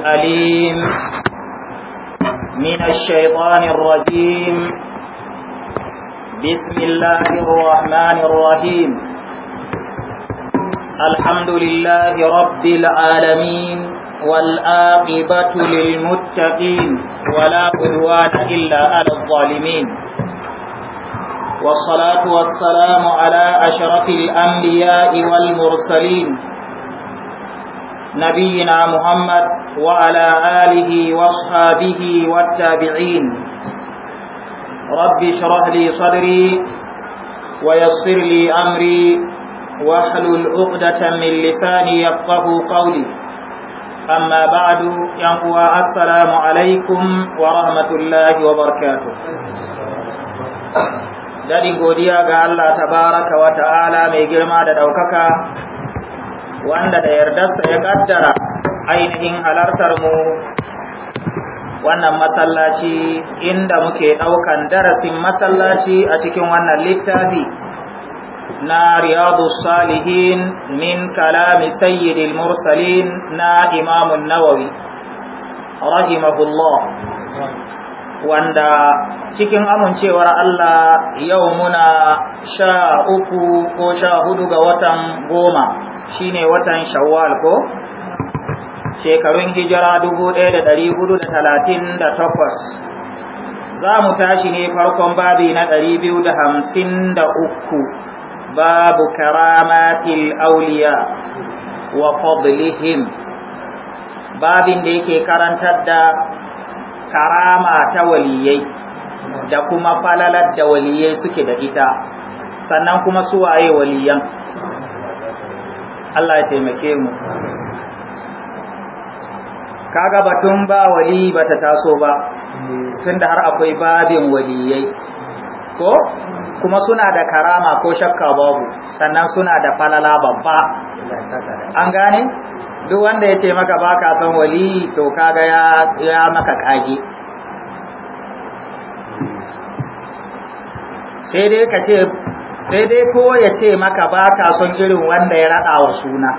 الأليم من الشيطان الرجيم بسم الله الرحمن الرحيم الحمد لله رب العالمين والآقبة للمتقين ولا قدوان إلا على الظالمين والصلاة والسلام على أشرف الأنبياء والمرسلين نبينا محمد وعلى آله واصحابه والتابعين رب شرح لي صدري ويسر لي أمري واحلل عقدة من لساني يفقه قولي أما بعد ينقوى السلام عليكم ورحمة الله وبركاته Dadin godiya ga Allah tabaraka wa ta'ala mai girma da ɗaukaka wanda da yardarsa ya kaddara ainihin halartar mu wannan masallaci inda muke ɗaukan darasin masallaci a cikin wannan littafi na riyadu salihin min kalami sayyidil mursalin na imamun nawawi rahimahullah wanda cikin amincewar Allah yau muna sha uku ko sha hudu ga watan goma shine watan shawwal ko? shekarun hijira dubu ɗaya da hudu da talatin da takwas za mu tashi ne farkon babi na ɗari biyu da hamsin da uku babu karamatil auliya wa fadlihim babin da yake karantar da karama ta waliyai da kuma falalar da waliyai suke da ita sannan kuma suwaye waliyan Allah ya taimake mu kaga batun ba wali ba ta taso ba tunda har akwai babin waliyai ko kuma suna da karama ko shakka babu sannan suna da falala babba an gane duk wanda ya ce maka baka son wali to kaga ya ya maka kage sai dai ka sai dai ko ya ce maka baka son irin wanda ya rada wa suna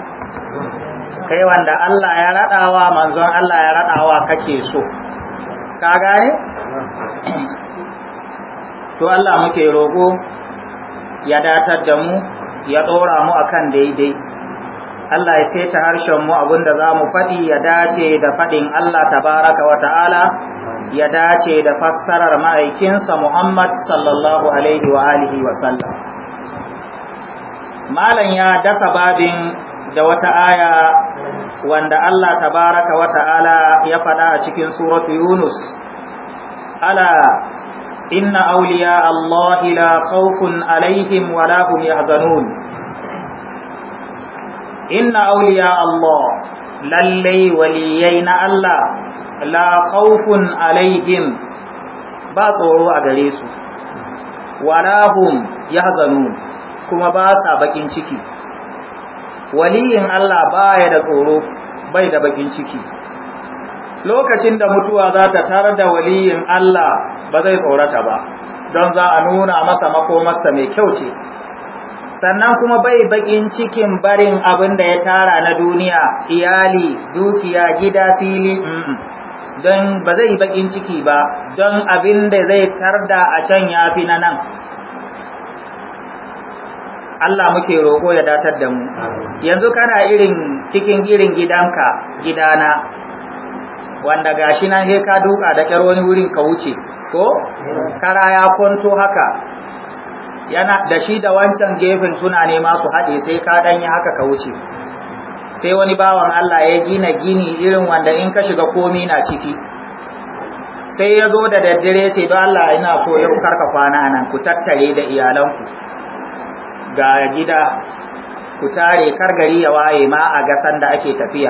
kai wanda Allah ya raɗawa manzon Allah ya raɗawa kake so ka gane to Allah muke roƙo ya datar da mu ya ɗora mu akan daidai Allah ya ce ta harshen mu abinda za mu faɗi ya dace da faɗin Allah tabaraka wa ta'ala ya dace da fassarar ma'aikinsa Muhammad sallallahu alaihi wa alihi wa sallam malam ya dafa babin da wata aya wanda Allah tabaraka wa ta'ala ya faɗa a cikin suratu Yunus ala inna awliya Allah la khawfun alaihim wa la hum yahzanun inna awliya Allah lallai waliyai na Allah la khawfun alaihim ba tsoro a gare su wa la hum yahzanun kuma ba sa bakin ciki waliyin Allah baya da tsoro bai da bakin ciki lokacin da mutuwa za ta tar da waliyin Allah ba zai tsorata ba don za a nuna masa makomarsa mai kyau ce sannan kuma bai bakin cikin barin abin da ya tara na duniya iyali dukiya gida fili don ba zai bakin ciki ba don abin da zai tarda a can ya fi na nan Allah muke roƙo ya datar da mu yanzu kana irin cikin irin gidanka gidana wanda gashi nan sai ka duka da kyar wani wurin ka wuce ko kara ya kwanto haka yana da shi da wancan gefen suna nema su haɗe sai ka danya haka ka wuce sai wani bawan Allah ya gina gini irin wanda in ka shiga komi na ciki sai ya zo da daddare sai don Allah ina so yau karka kwana nan ku tattare da iyalanku ga gida ku tare kar gari ya waye ma a ga da ake tafiya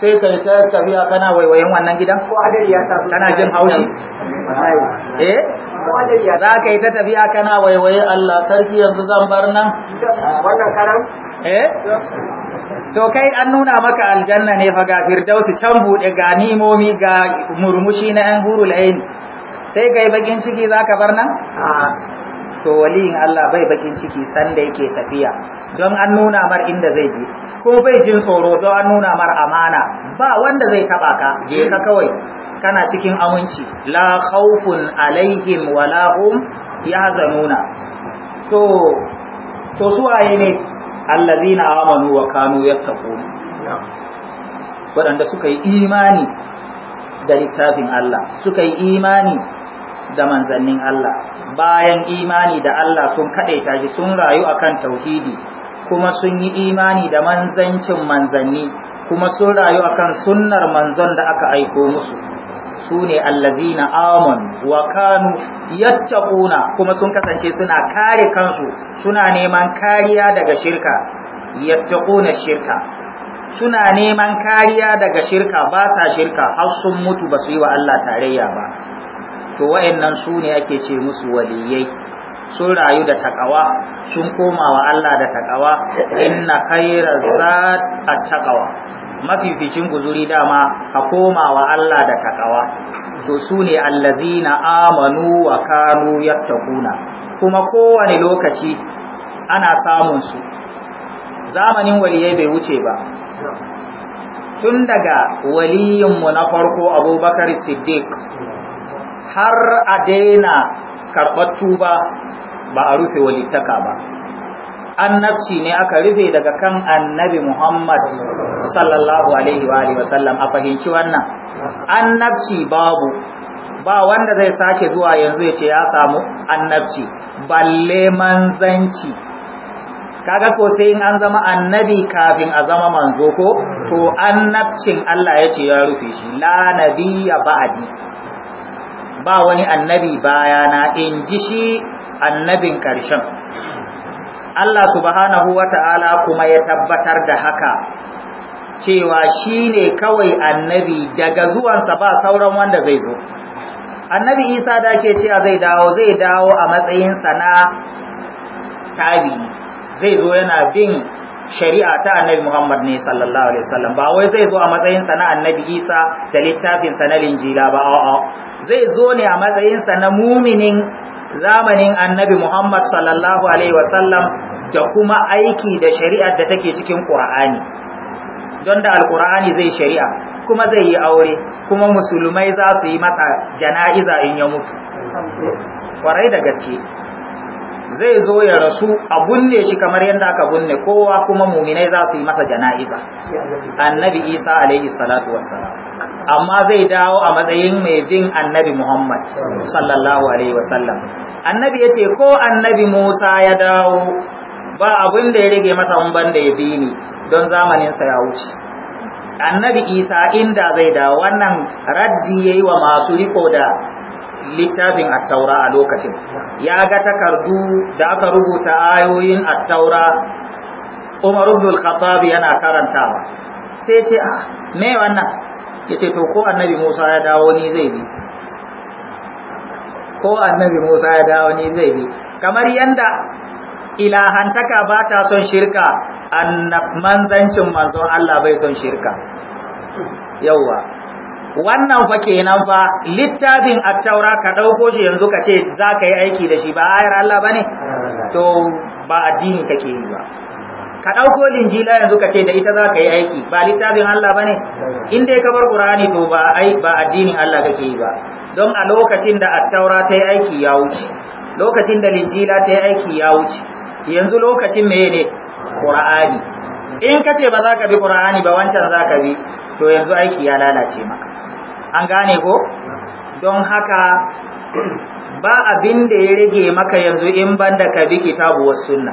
sai kai ta tafiya kana waiwayen wannan gidan ko hadari ya tafi kana jin haushi eh za ka yi ta tafiya kana waiwaye Allah sarki yanzu zan bar nan wannan karam eh to kai an nuna maka aljanna ne fa ga firdausi can bude ga nimomi ga murmushi na yan hurul ain sai kai bakin ciki zaka bar nan to waliyin Allah bai bakin ciki sanda yake tafiya don an nuna mar inda zai je ko bai jin tsoro don an nuna mar amana ba wanda zai taba ka je ka kawai kana cikin aminci la khawfun alaihim wala hum yahzanuna to to waye ne allazina amanu wa kanu yattaqun waɗanda suka yi imani da littafin Allah suka yi imani da manzannin Allah bayan imani da Allah sun kaɗaita shi sun rayu a kan tauhidi kuma sun yi imani da manzancin manzanni kuma sun rayu a kan sunnar manzon da aka aiko musu su ne allazina amon wa kanu yattaquna kuma sun kasance suna kare kansu suna neman kariya daga shirka yattaquna shirka suna neman kariya daga shirka ba ta shirka har sun mutu ba su yi wa Allah tarayya ba to wayannan su ne ake ce musu waliyai sun rayu da takawa sun koma wa Allah da takawa inna khayra zat at-taqwa mafificin guzuri dama ka koma wa Allah da takawa to su ne allazina amanu wa kanu yattaquna kuma kowane lokaci ana samun su zamanin waliyai bai wuce ba tun daga mu na farko abubakar siddiq har a daina karɓar tuba ba a rufe walittaka ba annabci ne aka rufe daga kan annabi Muhammad sallallahu alaihi wa alihi wasallam a fahimci wannan annabci babu ba wanda zai sake zuwa yanzu ya ce ya samu annabci balle manzanci kaga ko sai in an zama annabi kafin a zama manzo ko to annabcin Allah ya ce ya rufe shi la nabiyya ba'di ba wani annabi bayana in ji shi annabin ƙarshen Allah subhanahu wa ta'ala kuma ya tabbatar da haka cewa shi ne kawai annabi daga zuwansa ba sauran wanda zai zo annabi isa da ke cewa zai dawo zai dawo a matsayinsa na tabi zai zo yana bin shari'a ta annabi Muhammad ne sallallahu alaihi wasallam ba wai zai zo a matsayin sa na annabi Isa da littafin sa na Linjila ba a'a zai zo ne a matsayin sa na muminin zamanin annabi Muhammad sallallahu alaihi wasallam da kuma aiki da shari'ar da take cikin Qur'ani don da alqur'ani zai shari'a kuma zai yi aure kuma musulmai za su yi masa jana'iza in ya mutu kwarai da gaske zai zo ya rasu a bunne shi kamar yadda aka bunne kowa kuma muminai za su yi masa jana'iza annabi isa alaihi salatu wassalam amma zai dawo a matsayin mai bin annabi muhammad sallallahu alaihi wasallam annabi ya ce ko annabi musa ya dawo ba abin da ya rage masa ban da ya bini don don zamaninsa ya wuce annabi isa inda zai dawo wannan raddi ya yi wa masu riko da littafin attaura a lokacin ya ga takardu da aka rubuta ayoyin attaura Umar ibn al-Khattab yana karantawa sai ce ah me wannan yace to ko annabi Musa ya dawo ni zai bi ko annabi Musa ya dawo ni zai bi kamar yanda ilahantaka ba ta son shirka annab manzancin manzon Allah bai son shirka yawwa wannan fa kenan fa littafin at-taura ka dauko shi yanzu ka ce za ka yi aiki da shi ba ayar Allah bane to ba addini kake yi ba ka dauko linjila yanzu ka ce da ita za ka yi aiki ba littafin Allah bane in dai ka bar qur'ani to ba ai ba addinin Allah kake yi ba don a lokacin da at-taura ta yi aiki ya wuce lokacin da linjila ta yi aiki ya wuce yanzu lokacin meye ne qur'ani in kace ba za ka bi qur'ani ba wancan za ka bi to yanzu aiki ya lalace maka an gane ko don haka ba abin da ya rage maka yanzu in banda ka bi kitabu was sunna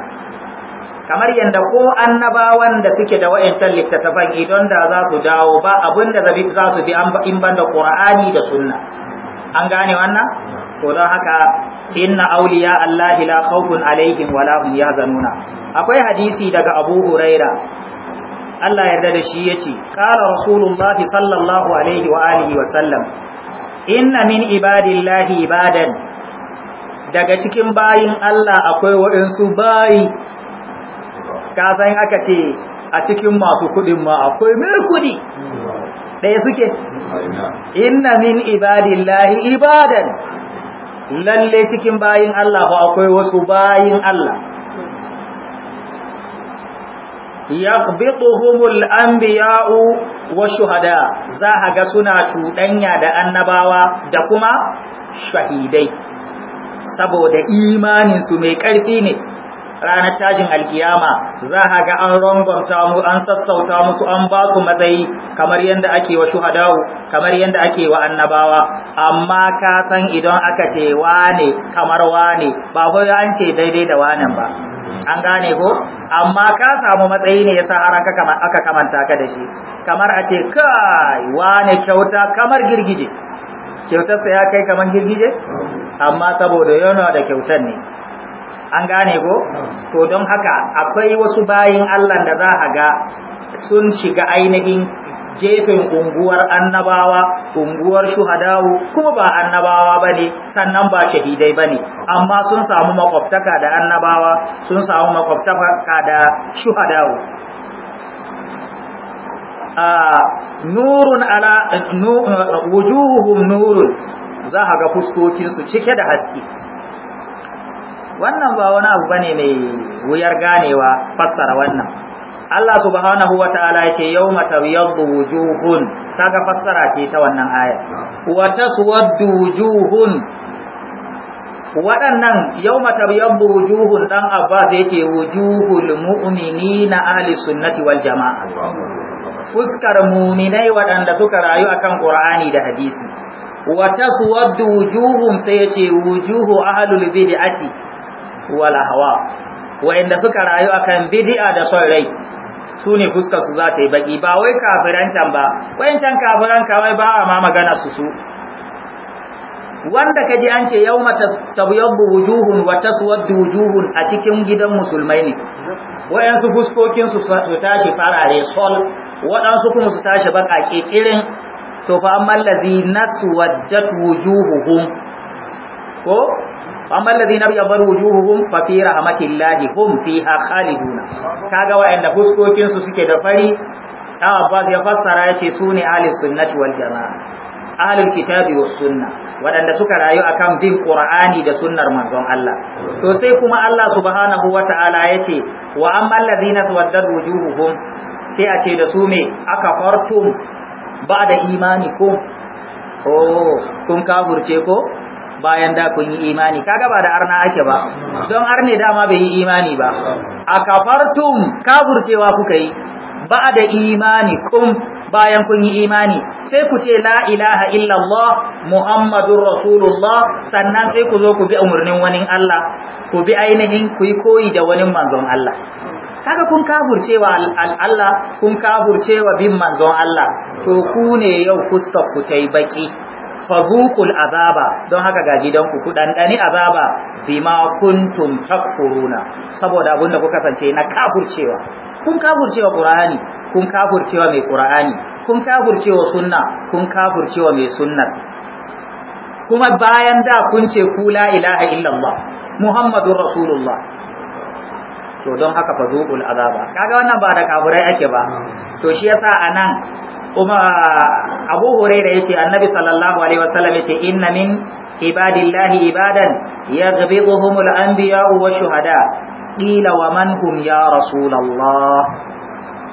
kamar yanda ko annabawan da suke da wayancan littattafan idan da za su dawo ba abin da za su bi in banda qur'ani da sunna an gane wannan to don haka inna awliya allahi la khawfun alaihim wala hum yahzanuna akwai hadisi daga abu huraira Allah yarda da shi yace qala rasulullahi sallallahu alaihi wa alihi wa sallam inna min ibadillahi ibadan daga cikin bayin Allah akwai waɗansu bayi ka san aka ce a cikin masu kuɗin ma akwai mai kuɗi ɗaya suke inna min ibadillahi ibadan lalle cikin bayin Allah fa akwai wasu bayin Allah yaqbituhumul anbiya'u wa shuhada za a ga suna cuɗanya da annabawa da kuma shahidai saboda imanin su mai ƙarfi ne ranar tajin alkiyama za a ga an rongonta mu an sassauta musu an ba su matsayi kamar yadda ake wa shuhadau kamar yadda ake wa annabawa amma ka san idan aka ce wane kamar wane ba kawai an ce daidai da wanan ba an gane ko amma ka samu matsayi ne yasa har aka kama aka kamanta ka da shi kamar a ce kai wane kyauta kamar girgije kyautar sa ya kai kamar girgije amma saboda yana da kyautar ne an gane ko to don haka akwai wasu bayin Allah da za a ga sun shiga ainihin gefen unguwar annabawa unguwar shuhadawu kuma ba annabawa bane sannan ba shahidai bane amma sun samu makwabtaka da annabawa sun samu makwabtaka da shuhadawu nurun ala wujuhuhum nurun za ka ga fuskokin cike da haske wannan ba wani abu bane mai wuyar ganewa fassara wannan Allah subhanahu wa ta'ala ya ce yau matawiyaddu wujuhun kaga fassara ce ta wannan aya wa taswaddu wujuhun waɗannan yau matawiyaddu wujuhun dan zai yake wujuhul mu'minina ahli sunnati wal jama'a fuskar mu'minai waɗanda suka rayu akan Qur'ani da hadisi wa taswaddu wujuhum sai ce wujuhu ahlul bid'ati wal ahwa wa'inda suka rayu akan bid'a da son rai su ne fuskar su za ta yi baki ba wai kafiran can ba wancan kafiran kawai ba ma magana su su wanda kaji an ce yawma tabyabbu wujuhun wa taswaddu wujuhun a cikin gidan musulmai ne wayansu fuskokin su tashi farare sol wadansu kuma su tashi baka kirin to fa amma allazi naswaddat wujuhuhum ko amma alladhina yabru wujuhuhum fa fi rahmatillahi hum fiha khaliduna kaga wayanda fuskokin su suke da fari dan Abbas ya fassara yace sune ahli sunnati wal jamaa ahli kitabi was sunna wadanda suka rayu akan bin qur'ani da sunnar manzon Allah to sai kuma Allah subhanahu wataala yace wa amma alladhina tawaddat wujuhuhum sai a ce da su me aka fartum ba da imani ko oh Sun kafurce ko bayan da kun yi imani kaga ba da arna ake ba don arne dama bai yi imani ba a kafartum kafurcewa kuka yi ba da imani kun, bayan kun yi imani sai ku ce la ilaha illallah muhammadur rasulullah sannan sai ku zo ku bi umarnin wani Allah ku bi ainihin ku yi koyi da wani manzon Allah kaga kun kafurcewa Allah kun kafurcewa bin manzon Allah to ku ne yau fuskar ku tai baki fadhuqul azaba don haka ga gidanku ku dandani azaba bima kuntum takfuruna saboda da kuka kasance na kafurcewa kun kafurcewa qur'ani kun kafurcewa mai qur'ani kun kafurcewa sunna kun kafurcewa mai sunnar kuma bayan da kun ce ku la ilaha illallah muhammadur rasulullah to don haka fadhuqul azaba kaga wannan ba da kafurai ake ba to shi yasa anan kuma abu ya yace annabi sallallahu alaihi wasallam yace inna min ibadillahi ibadan yaghbiduhumul biya wa shuhada Ƙila wa man hum ya rasulullah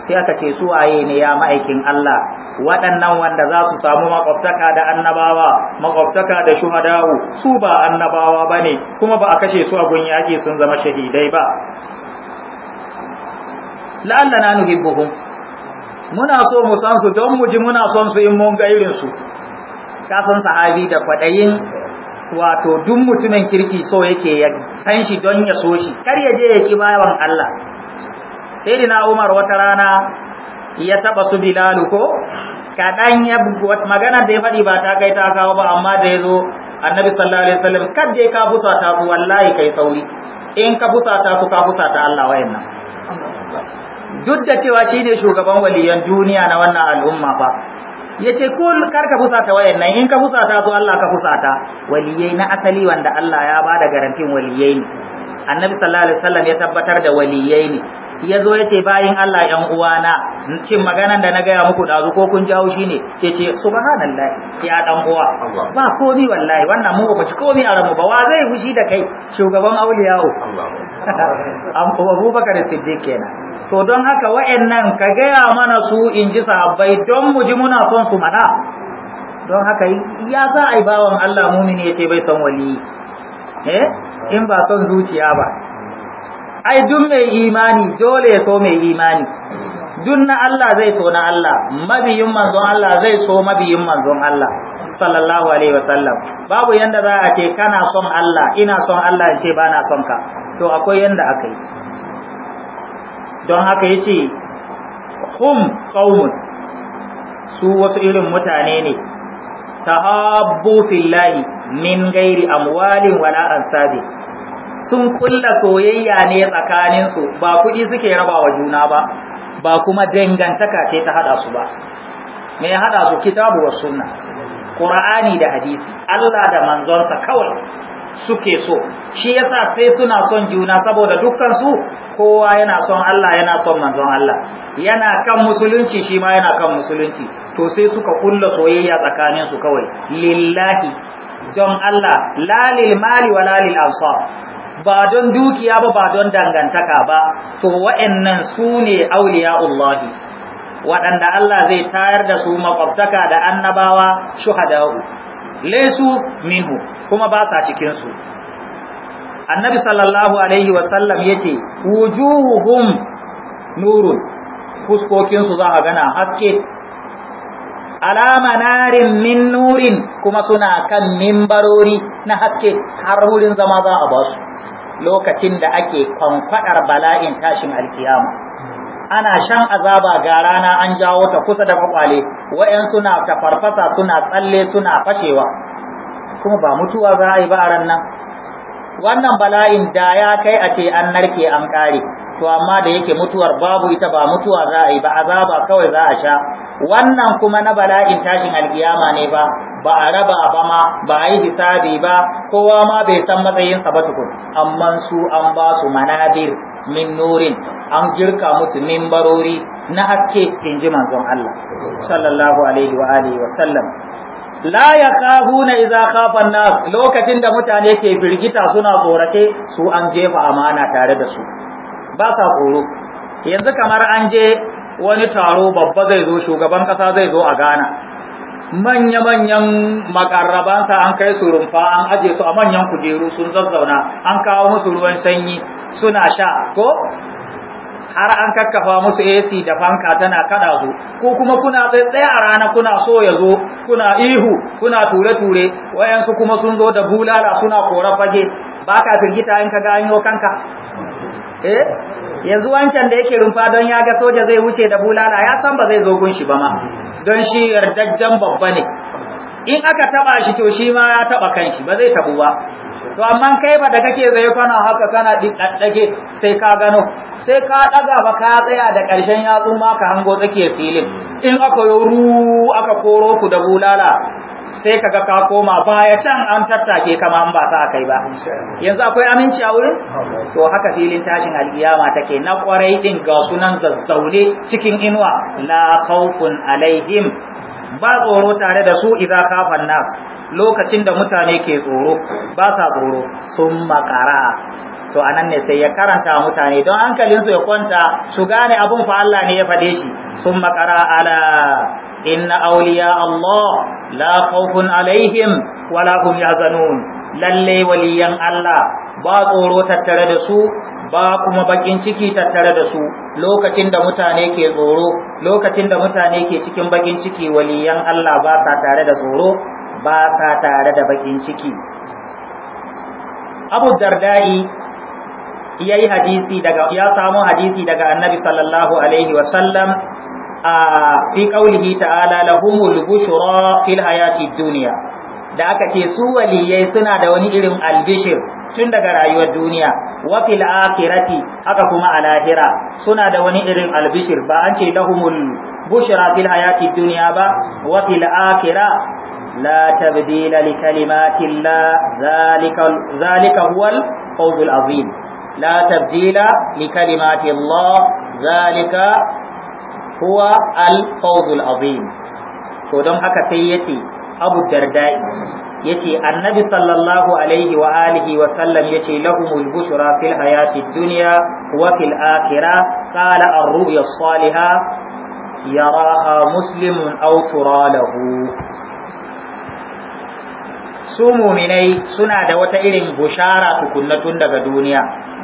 sai aka ce su waye ne ya ma'aikin Allah waɗannan wanda za su samu makwabtaka da annabawa makwabtaka da shuhadawu su ba annabawa bane kuma ba a kashe su a gun yaƙi sun zama shahidai ba la'allana nuhibbuhum muna so mu san su don mu ji muna son su in mun ga irin su ka san sahabi da kwadayin wato duk mutumin kirki so yake ya san shi don ya so shi kar ya je ya ki bayan Allah sayyidina Umar wata rana ya taba su Bilal ko kadan ya magana da ya faɗi ba ta kai ta kawo ba amma da ya zo annabi sallallahu alaihi wasallam kad dai ka busa ta wallahi kai sauri in ka busa ta ka busa ta Allah wayannan duk da cewa shi ne shugaban waliyan duniya na wannan al'umma ba. ya ce kul kar ka fusata wayan nan in ka fusata su Allah ka fusata waliyai na asali wanda Allah ya ba da garantin waliyai ne annabi sallallahu alaihi wasallam ya tabbatar da waliyai ne ya zo ya ce bayin Allah ƴan uwana cin maganan da na gaya muku ɗazu ko kun jawo shi ne ya ce subhanallah ya ɗan uwa ba komi wallahi wannan mu ba ci komi a ramu ba wa zai fushi da kai shugaban auliyawo Bakar siddiq kenan to don haka wa'annan ka gaya mana su in ji sahabbai don mu ji muna son su mana don haka ya za a yi bawan Allah mumini ce bai son wali eh in ba son zuciya ba ai duk mai imani dole so mai imani duk na Allah zai so na Allah mabiyin manzon Allah zai so mabiyin manzon Allah sallallahu alaihi wasallam babu yanda za a ce kana son Allah ina son Allah ce ba na son ka to akwai yanda aka don haka ya ce hum qaumun su wasu irin mutane ne tahabbu fillahi min gairi amwalin wala ansabi sun kulla soyayya ne tsakaninsu ba kuɗi suke raba wa juna ba ba kuma dangantaka ce ta haɗa su ba me ya haɗa su kitabu wa sunna qur'ani da hadisi Allah da manzonsa kawai suke so shi yasa sai suna son juna saboda dukkan kowa yana son Allah yana son manzon Allah yana kan musulunci shi ma yana kan musulunci to sai suka kulla soyayya tsakanin su kawai lillahi don Allah la lil mali wa la lil ansar ba don dukiya ba ba don dangantaka ba to wa'annan sune auliyaullah waɗanda Allah zai tayar da su makwabtaka da annabawa shuhada'u laysu minhu kuma ba sa cikin su annabi sallallahu alaihi wasallam yace wujuhuhum nurun fuskokin su za a gana haske alama narin min nurin kuma suna kan mimbarori na haske har wurin zama za a basu lokacin da ake kwankwadar bala'in tashin alkiyama ana shan azaba ga rana an jawo ta kusa da kwakwale wa'yan suna tafarfasa suna tsalle suna fashewa kuma ba mutuwa za a yi ba a ran nan wannan bala'in da ya kai a ce an narke an kare to amma da yake mutuwar babu ita ba mutuwa za a yi ba azaba kawai za a sha wannan kuma na bala'in tashin alkiyama ne ba ba a raba ba ma ba a yi hisabi ba kowa ma bai san matsayin sa ba tukun amma su an ba su manabir min nurin an girka musu mimbarori na haske in ji manzon Allah sallallahu alaihi wa alihi wa sallam la yakhafuna idza khafa kafan nas lokacin da mutane ke firgita suna tsorace su an jefa amana tare da su ba sa tsoro yanzu kamar an je wani taro babba zai zo shugaban kasa zai zo a Ghana manya-manyan makarrabansa an kai su rumfa an aje su a manyan kujeru sun zazzauna an kawo musu ruwan sanyi suna sha ko har an kakkafa musu AC da fanka tana kada su ko kuma kuna tsaye a rana kuna so ya zo kuna ihu kuna ture ture wayansu kuma sun zo da bulala suna kora fage ba firgita in ka ga an kanka eh yanzu wancan da yake rumfa don ya ga soja zai wuce da bulala ya san ba zai zo shi ba ma don shi yardajjen babba ne in aka taba shi to shi ma ya taba kanshi ba zai tabu ba to amma kai ba da kake zai kana haka kana ɗaɗɗage sai ka gano sai ka ɗaga ba ka tsaya da karshen yatsu ma ka hango tsakiyar filin in aka yi aka koro ku da bulala sai kaga ka koma baya can an tattake kama an ba ta kai ba yanzu akwai aminci a wurin to haka filin tashin alkiyama take na kwarai din ga sunan zazzaune cikin inuwa la khawfun alaihim ba tsoro tare da su idza kafan nas lokacin da mutane ke tsoro ba sa tsoro sun makara to a nan ne sai ya karanta mutane don hankalinsu ya kwanta su gane abun fa Allah ne ya fade shi sun makara ala inna auliya Allah la khawfun alaihim wala hum yahzanun lalle waliyan Allah ba tsoro tattare da su ba kuma bakin ciki tattare da su lokacin da mutane ke tsoro lokacin da mutane ke cikin bakin ciki waliyan Allah ba sa tare da tsoro ba sa tare da bakin ciki abu dardai ya yi hadisi daga ya samu hadisi daga annabi sallallahu alaihi wasallam a fi kaulihi ta'ala lahumul bushra fil hayati dunya da aka ce su waliyai suna da wani irin albishir tun daga rayuwar duniya wa fil akhirati haka kuma a lahira suna da wani irin albishir ba an ce lahumul bushra fil hayati dunya ba wa fil akhirah لا تبديل لكلمات الله ذلك ذلك هو الفوز العظيم لا تبديل لكلمات الله ذلك هو الفوز العظيم to don haka sai ya yace Abu Dardai yace Annabi sallallahu alaihi wa alihi wa sallam yace lahumul bushra fil hayati dunya wa fil akhirah qala ar-ru'ya as-salihah yaraha muslimun aw tura lahu su muminai suna da wata irin bushara tukunnatun daga duniya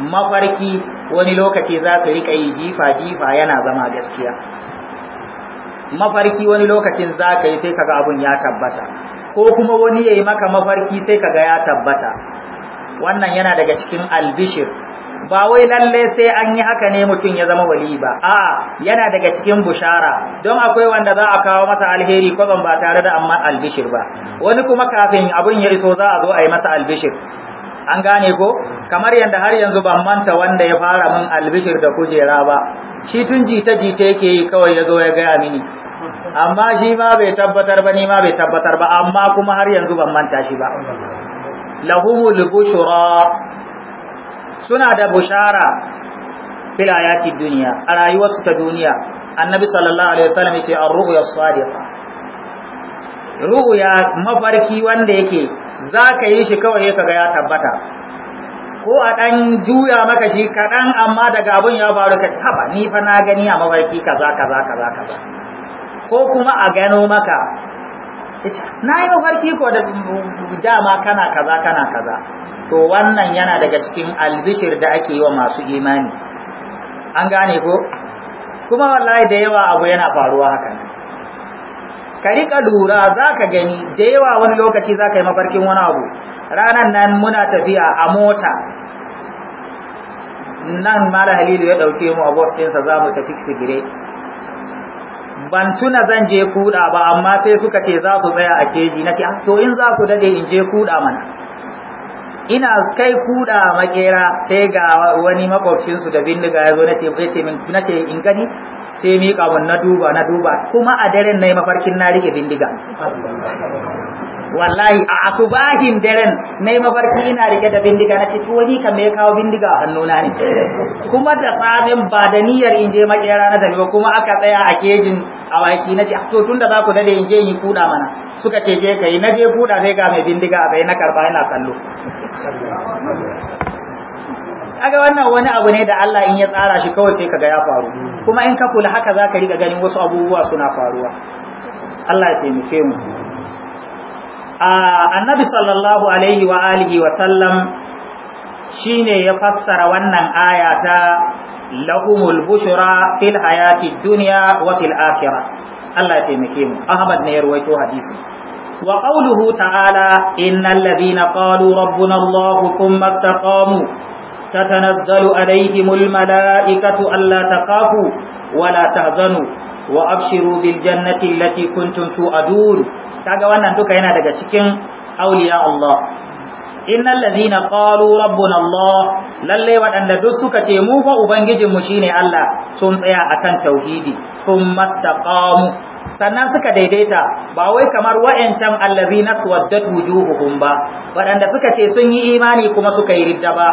mafarki wani lokaci za su riƙa yi jifa-jifa yana zama gaskiya mafarki wani lokacin za ka yi sai kaga abun ya tabbata ko kuma wani ya yi maka mafarki sai kaga ya tabbata wannan yana daga cikin albishir ba wai lalle sai an yi haka ne mutum ya zama wali ba a'a yana daga cikin bushara don akwai wanda za a kawo masa alheri ko ban ba tare da amma albishir ba wani kuma kafin abun ya iso za a zo a yi masa albishir an gane ko kamar yadda har yanzu ban manta wanda ya fara min albishir da kujera ba shi tun jita jita yake yi kawai ya zo ya gaya mini amma shi ma bai tabbatar ba ni ma bai tabbatar ba amma kuma har yanzu ban manta shi ba lahumul bushra suna da bushara fil ayati duniya a rayuwarsu ta duniya annabi sallallahu alaihi wasallam yace ar ruhu as-sadiqa ya mafarki wanda yake zaka yi shi kawai kaga ya tabbata ko a ɗan juya maka shi kaɗan, amma daga abun ya faru ka ci haba ni fa na gani a mafarki kaza kaza kaza kaza ko kuma a gano maka na yi mafarki ko da dama kana kaza kana kaza to wannan yana daga cikin albishir da ake yi wa masu imani an gane ko kuma wallahi da yawa abu yana faruwa hakan ka riƙa lura za ka gani da yawa wani lokaci za ka yi mafarkin wani abu ranar nan muna tafiya a mota nan mara halilu ya ɗauke mu a bus ɗinsa za mu tafi sigire ban tuna zan je kuɗa ba amma sai suka ce za su tsaya a keji na ce ah, to in za ku dade in je kuɗa mana ina kai kuɗa makera sai ga wani su da bindiga ya zo na ce min in gani sai miƙa mun na duba na duba kuma a daren na yi mafarkin na rike bindiga wallahi a asubahin daren na yi mafarki ina rike da bindiga na to wani ka me kawo bindiga a hannuna ne kuma da safen ba da niyyar in je makera na tafi kuma aka tsaya a kejin awaki na ce ah, to tunda za ku dade in je in kuda mana suka ce je kai na je kuda sai ga mai bindiga a bai na karba yana kallo kaga wannan wani abu ne da Allah in ya tsara shi kawai sai kaga ya faru kuma in ka kula haka zaka ka riga ganin wasu abubuwa suna faruwa Allah ya taimake mu annabi sallallahu alaihi wa alihi wa sallam shine ya fassara wannan aya ta lahumul bushra fil hayati dunya wa fil akhirah Allah ya taimake mu Ahmad na Yarwaito hadisi wa qawluhu ta'ala innal ladhina qalu rabbuna Allah thumma istaqamu tatanazzalu alayhimul malaikatu alla taqafu wa la tahzanu wa abshiru bil jannati allati kuntum tu'adun kaga wannan duka yana daga cikin auliya Allah innal ladhina qalu rabbuna Allah lalle waɗanda duk suka ce mu fa ubangijinmu shine Allah sun tsaya akan tauhidi thumma taqamu sannan suka daidaita ba wai kamar wa'ancan allazina suwaddat wujuhuhum ba waɗanda suka ce sun yi imani kuma suka yi ridda ba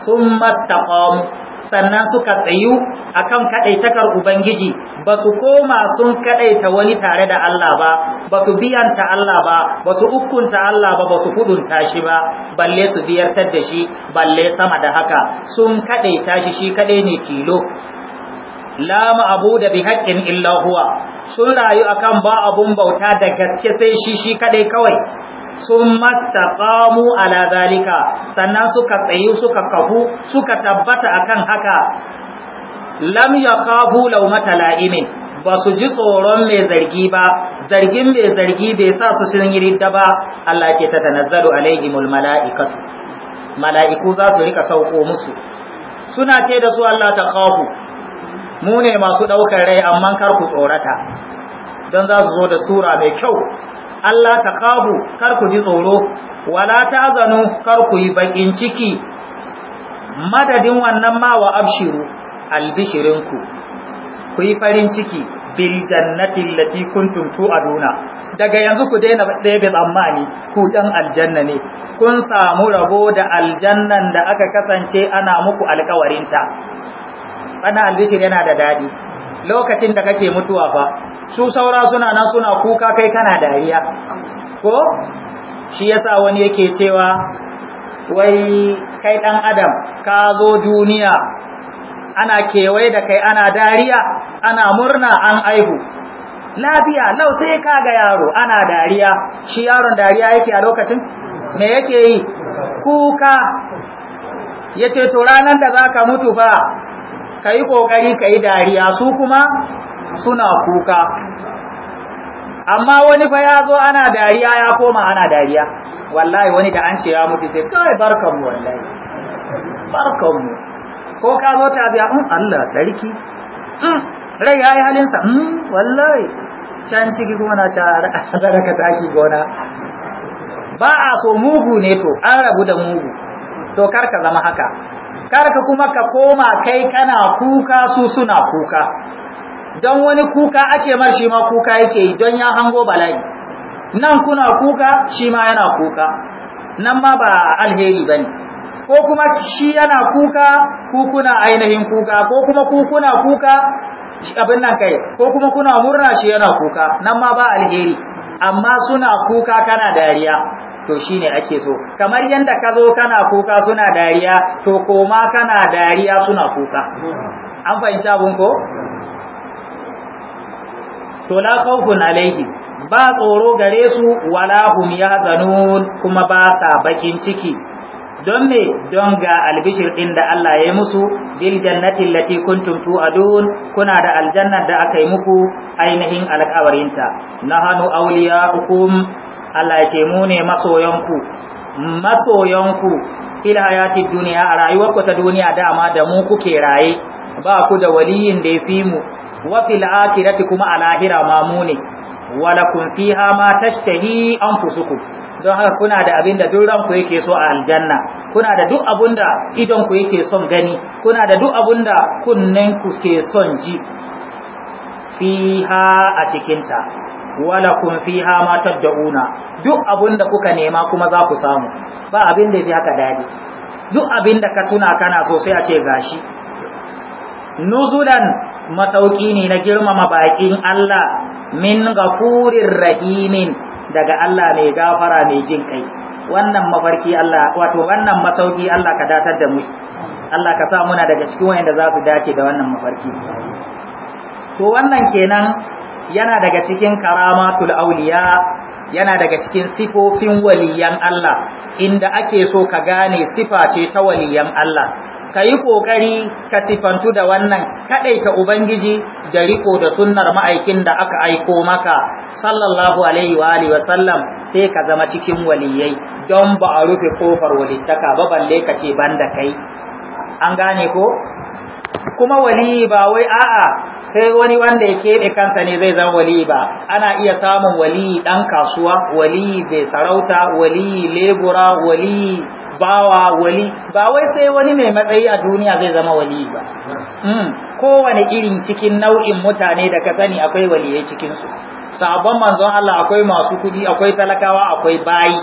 sun mastaqamu sannan suka tsayu akan kadaitakar ubangiji ba su koma sun kadaita wani tare da Allah ba ba su biyanta Allah ba ba su ukunta Allah ba ba su hudunta shi ba balle su biyartar da shi balle sama da haka sun kadaita shi shi kadai ne tilo la da bi haqqin illa sun rayu akan ba abun bauta da gaske sai shi shi kaɗai kawai sun mastaqamu ala zalika sannan suka tsayu suka kahu, suka tabbata akan haka lam yakhafu lawmata la'imin ba su ji tsoron mai zargi ba zargin mai zargi bai sa su sun yi ridda ba Allah ke ta tanazzalu alaihimul mala'ikatu mala'iku za su rika sauko musu suna ce da su Allah ta khafu mu ne masu daukar rai amma kar ku tsorata don za su zo da sura mai kyau Allah ta kabu kar ku ji tsoro wala ta zanu kar ku yi bakin ciki madadin wannan ma wa abshiru albishirinku ku yi farin ciki bil jannati lati kuntum aduna. daga yanzu ku daina ɗebe tsammani ku dan aljanna ne kun samu rabo da aljannan da aka kasance ana muku alkawarinta Bana albishir yana da daɗi lokacin da kake mutuwa fa su saura suna na suna kuka kai kana dariya ko shi yasa wani yake cewa wai kai dan adam ka zo duniya ana kewaye da kai ana dariya ana murna an aihu lafiya lau sai ka ga yaro ana dariya shi yaron dariya yake a lokacin me yake yi kuka yace to ranar da zaka mutu fa kai kokari kai dariya su kuma suna kuka amma wani fa ya zo ana dariya ya koma ana dariya wallahi wani da an ce ya mutu sai kawai barkanmu wallahi barkanmu ko ka zo ta biya in hmm, Allah sarki hmm, rai ya yi halinsa hmm, wallahi can ciki kuma na tare ka tashi gona ba a so mugu ne to an rabu da mugu to kar ka zama haka kar ka kuma ka koma kai kana kuka su suna kuka don wani kuka ake mar shi ma kuka yake yi don ya hango bala'i nan kuna kuka shi ma yana kuka nan ma ba alheri bane ko kuma shi yana kuka ku kuna ainihin kuka ko kuma ku kuna kuka abin nan kai ko kuma kuna murna shi yana kuka nan ma ba alheri amma suna kuka kana dariya to shine ake so kamar yadda ka zo kana kuka suna dariya to koma kana dariya suna kuka an fahimci abin ko to la khawfun alayhi ba tsoro gare su wala hum yahzanun kuma ba sa bakin ciki don me don ga albishir din da Allah ya yi musu bil jannati allati kuntum tu'adun kuna da aljannar da aka yi muku ainihin alƙawarinta nahanu awliya'ukum Allah ya ce mu ne masoyanku masoyanku ila hayati duniya a rayuwarku ta duniya dama da mu kuke raye ba ku da waliyin da ya fi mu wa fil akhirati kuma a lahira ma mu ne fiha ma tashtahi anfusukum don haka kuna da abin da duk ranku yake so a aljanna kuna da duk abin da idon ku yake son gani kuna da duk abin da kunnen ku ke son ji fiha a cikin ta kun fiha ma tad'una duk abin da kuka nema kuma za ku samu ba abin da yafi haka dadi duk abin da ka tuna kana so sai a ce gashi nuzulan masauki ne na girmama baƙin Allah min gafurin rahimin daga Allah mai gafara mai jin kai wannan mafarki Allah wato wannan masauki Allah ka datar da mu Allah ka sa muna daga cikin wanda za su dace da wannan mafarki to wannan kenan yana daga cikin karamatul auliya yana daga cikin sifofin waliyan Allah inda ake so ka gane sifa ce ta waliyan Allah ka yi ƙoƙari ka sifantu da wannan kaɗai ka Ubangiji da riko da sunnar ma'aikin da aka aiko maka sallallahu alaihi wa alihi sallam sai ka zama cikin waliyyai, don ba a rufe kofar walittaka ba balle ka ce banda kai an gane ko kuma waliyi ba wai a'a sai wani wanda ya keɓe kansa ne zai zama waliyi ba ana iya samun waliyi ɗan kasuwa waliyi bai sarauta waliyi lebura waliyi bawa wali ba wai sai wani mai matsayi a duniya zai zama wali ba hmm. kowane irin cikin nau'in mutane da ka sani akwai waliyai cikinsu sabon manzon Allah akwai masu kudi akwai talakawa akwai bayi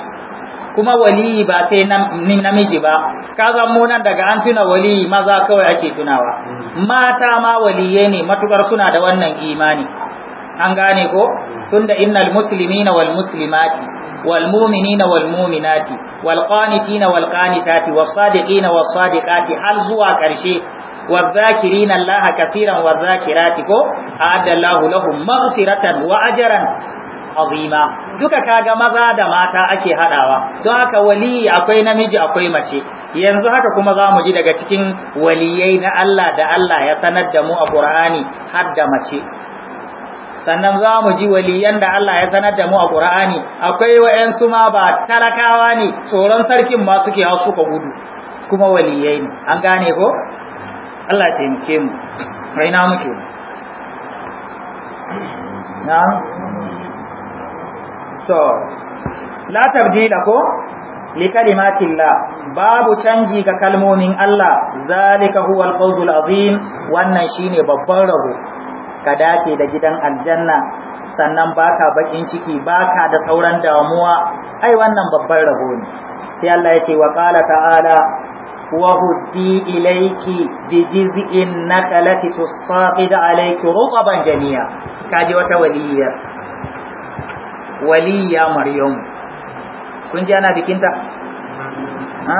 kuma waliyi ba sai namiji ba ka mu nan daga an tuna waliyi maza kawai ake tunawa mata ma waliyai ne matukar suna da wannan imani an gane ko tunda innal muslimina wal muslimati wal mu'minina wal mu'minati wal qanitina wal qanitati was sadiqina was sadiqati har zuwa ƙarshe, wal zakirina Allah kafiran wal zakirati ko a'adda lahu lahu, maghfiratan wa ajran azima duka kaga maza da mata ake haɗawa. don haka wali akwai namiji akwai mace yanzu haka kuma za mu ji daga cikin waliyyai na Allah da Allah ya sanar da mu a Qur'ani har da mace sannan za mu ji waliyan da Allah ya sanar da mu a Qur'ani akwai wa'ansu ma ba talakawa ne tsoron sarkin ma suke hau suka gudu kuma waliyai ne an gane ko Allah taimake mu raina muke na so la tabdila ko li kalimatillah babu canji ga kalmomin Allah zalika huwal fawzul azim wannan shine babban rabo ka dace da gidan aljanna sannan baka bakin ciki baka da sauran damuwa ai wannan babban rabo ne sai Allah ya ce wa qala ta'ala wa huddi ilayki bi jiz'in nakalati tusaqid alayki rutaban janiya kaji wata waliyya waliyya maryam kun ji ana bikinta ha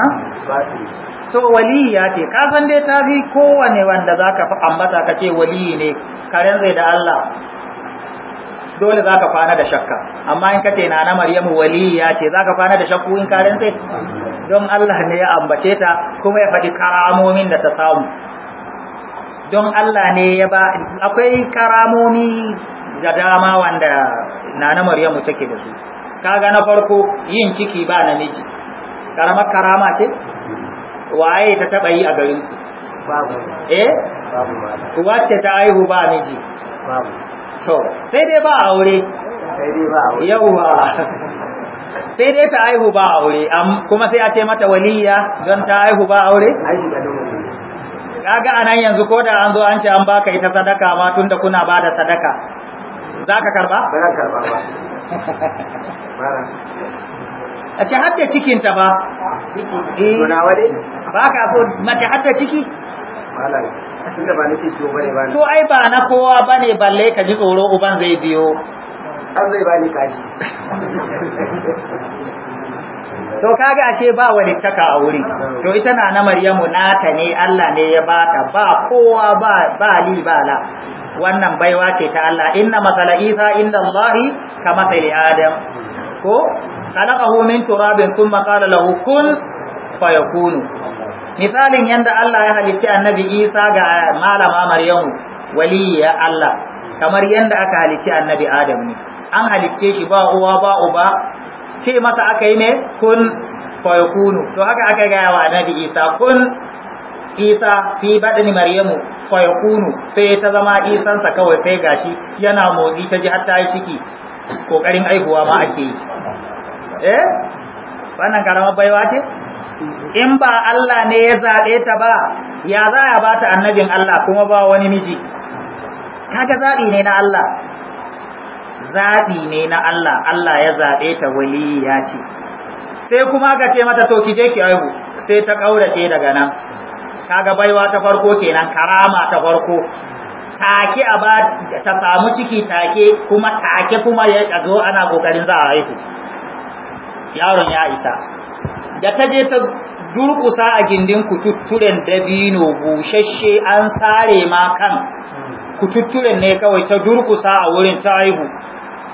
to waliya ce ka san dai ta fi kowane wanda za ka fi ambata ka ce waliyi ne karen zai da Allah dole za ka kwana da shakka amma in ka ce na na maryamu waliya ce za ka kwana da shakku in karen zai don Allah ne ya ambace ta kuma ya faɗi karamomin da ta samu don Allah ne ya ba akwai karamomi da dama wanda na na maryamu take da su kaga na farko yin ciki ba namiji karamar karama ce waye ta taɓa yi a garin eh wacce ta aihu ba miji to sai dai ba a aure yauwa sai dai ta aihu ba a aure kuma sai a ce mata waliya don ta aihu ba aure kaga anan yanzu ko da an zo an ce an baka ita sadaka ma tunda kuna ba da sadaka za ka karba? ba za karba ba a ce hadda cikinta ba ba ka so mace hadda ciki to ai ba na kowa ba balle ka ji tsoro uban zai biyo an zai kaji to kaga ashe ba wani taka a wuri to ita na na maryamu nata ne Allah ne ya bata ba kowa ba ba li ba la wannan baiwa ce ta Allah inna masala isa inda Allahi ka masali adam ko khalaqahu min turabin kun qala lahu kun fayakunu misalin yadda Allah ya halicci annabi Isa ga malama Maryamu waliya Allah kamar yadda aka halicci annabi Adam ne an halicce shi ba uwa ba uba ce masa aka yi ne kun fayakunu to haka aka gaya wa annabi Isa kun Isa fi badani Maryamu fayakunu sai ta zama sa kawai sai gashi yana motsi ta ji hatta ta ciki kokarin aihuwa ma ake yi eh wannan karamar baiwa ce in ba Allah ne ya zaɓe ta ba ya za a ba ta annabin Allah kuma ba wani miji kaga zaɓi ne na Allah zaɓi ne na Allah Allah ya zaɓe ta ya ce sai kuma aka ce mata to ki je ki aihu sai ta kaurace daga nan kaga baiwa ta farko kenan karama ta farko take a ba ta samu ciki take kuma take kuma ya zo ana kokarin za a haihu yaron ya isa da ta je ta durƙusa a gindin kututturen dabino bushashe an sare ma kan kututturen ne kawai ta durƙusa a wurin ta aihu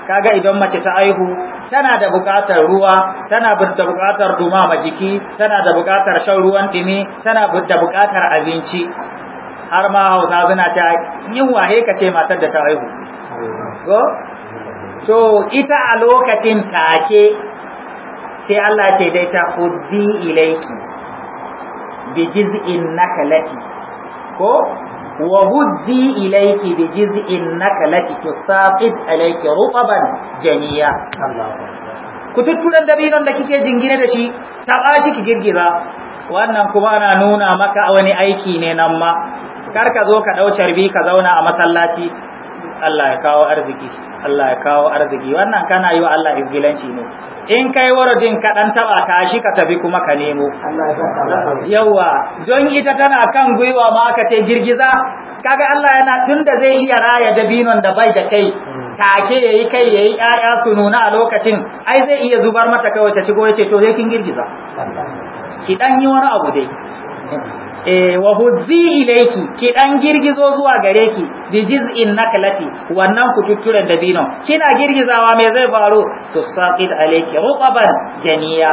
kaga idan mace ta aihu tana da buƙatar ruwa tana da buƙatar dumama jiki tana da buƙatar shan ruwan dumi tana da buƙatar abinci har ma hausa suna ta yin wahe ka ce matar da ta aihu to ita a lokacin take sai Allah ce dai ta huddi ilaiki bi jiz'in nakalati ko wa huddi ilaiki bi jiz'in nakalati saqit alayki rutaban janiya ku tuttulan dabinon da kike jingine da shi ta bashi ki girgiza wannan kuma ana nuna maka wani aiki ne nan ma kar ka zo ka dau carbi ka zauna a masallaci Allah ya kawo arziki Allah ya kawo arziki wannan kana yi wa Allah izgilanci ne in kai waradin ka dan taba tashi shi ka tafi kuma ka nemo yawa don ita tana kan gwiwa ma aka ce girgiza kaga Allah yana tunda zai iya raya dabinon da bai da kai take yayi kai yayi ƴaƴa su nuna a lokacin ai zai iya zubar mata kawai ta go yace to sai kin girgiza ki dan yi wani abu dai eh wa huzzi ilayki ki dan girgizo zuwa gare ki bi jiz'in naklati wannan kututturen dabino kina girgizawa me zai faru to saqid alayki ruqaban janiya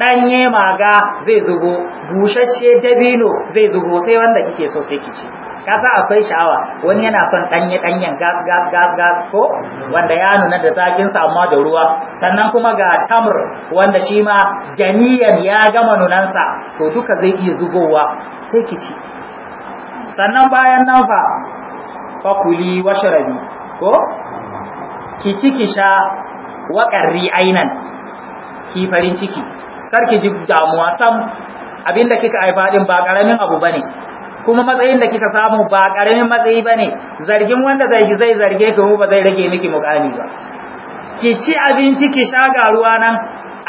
danye maga zai zubo bushashe dabino zai zubo sai wanda kike so sai kici kaza akwai sha'awa wani yana son danye danyen gas gas gas gas ko wanda ya nuna da zakin sa amma da ruwa sannan kuma ga tamr wanda shi ma janiyan ya gama nunansa to duka zai iya zubowa sai ki ci sannan bayan nan fa fakuli washrabi ko ki ci ki sha waƙarri ainan ki farin ciki kar ki ji damuwa sam abinda kika aifa din ba karamin abu bane kuma matsayin da kika samu ba karamin matsayi bane zargin wanda zai zai zarge ki ba zai rage miki mukami ba ki ci abinci ki sha ga ruwa nan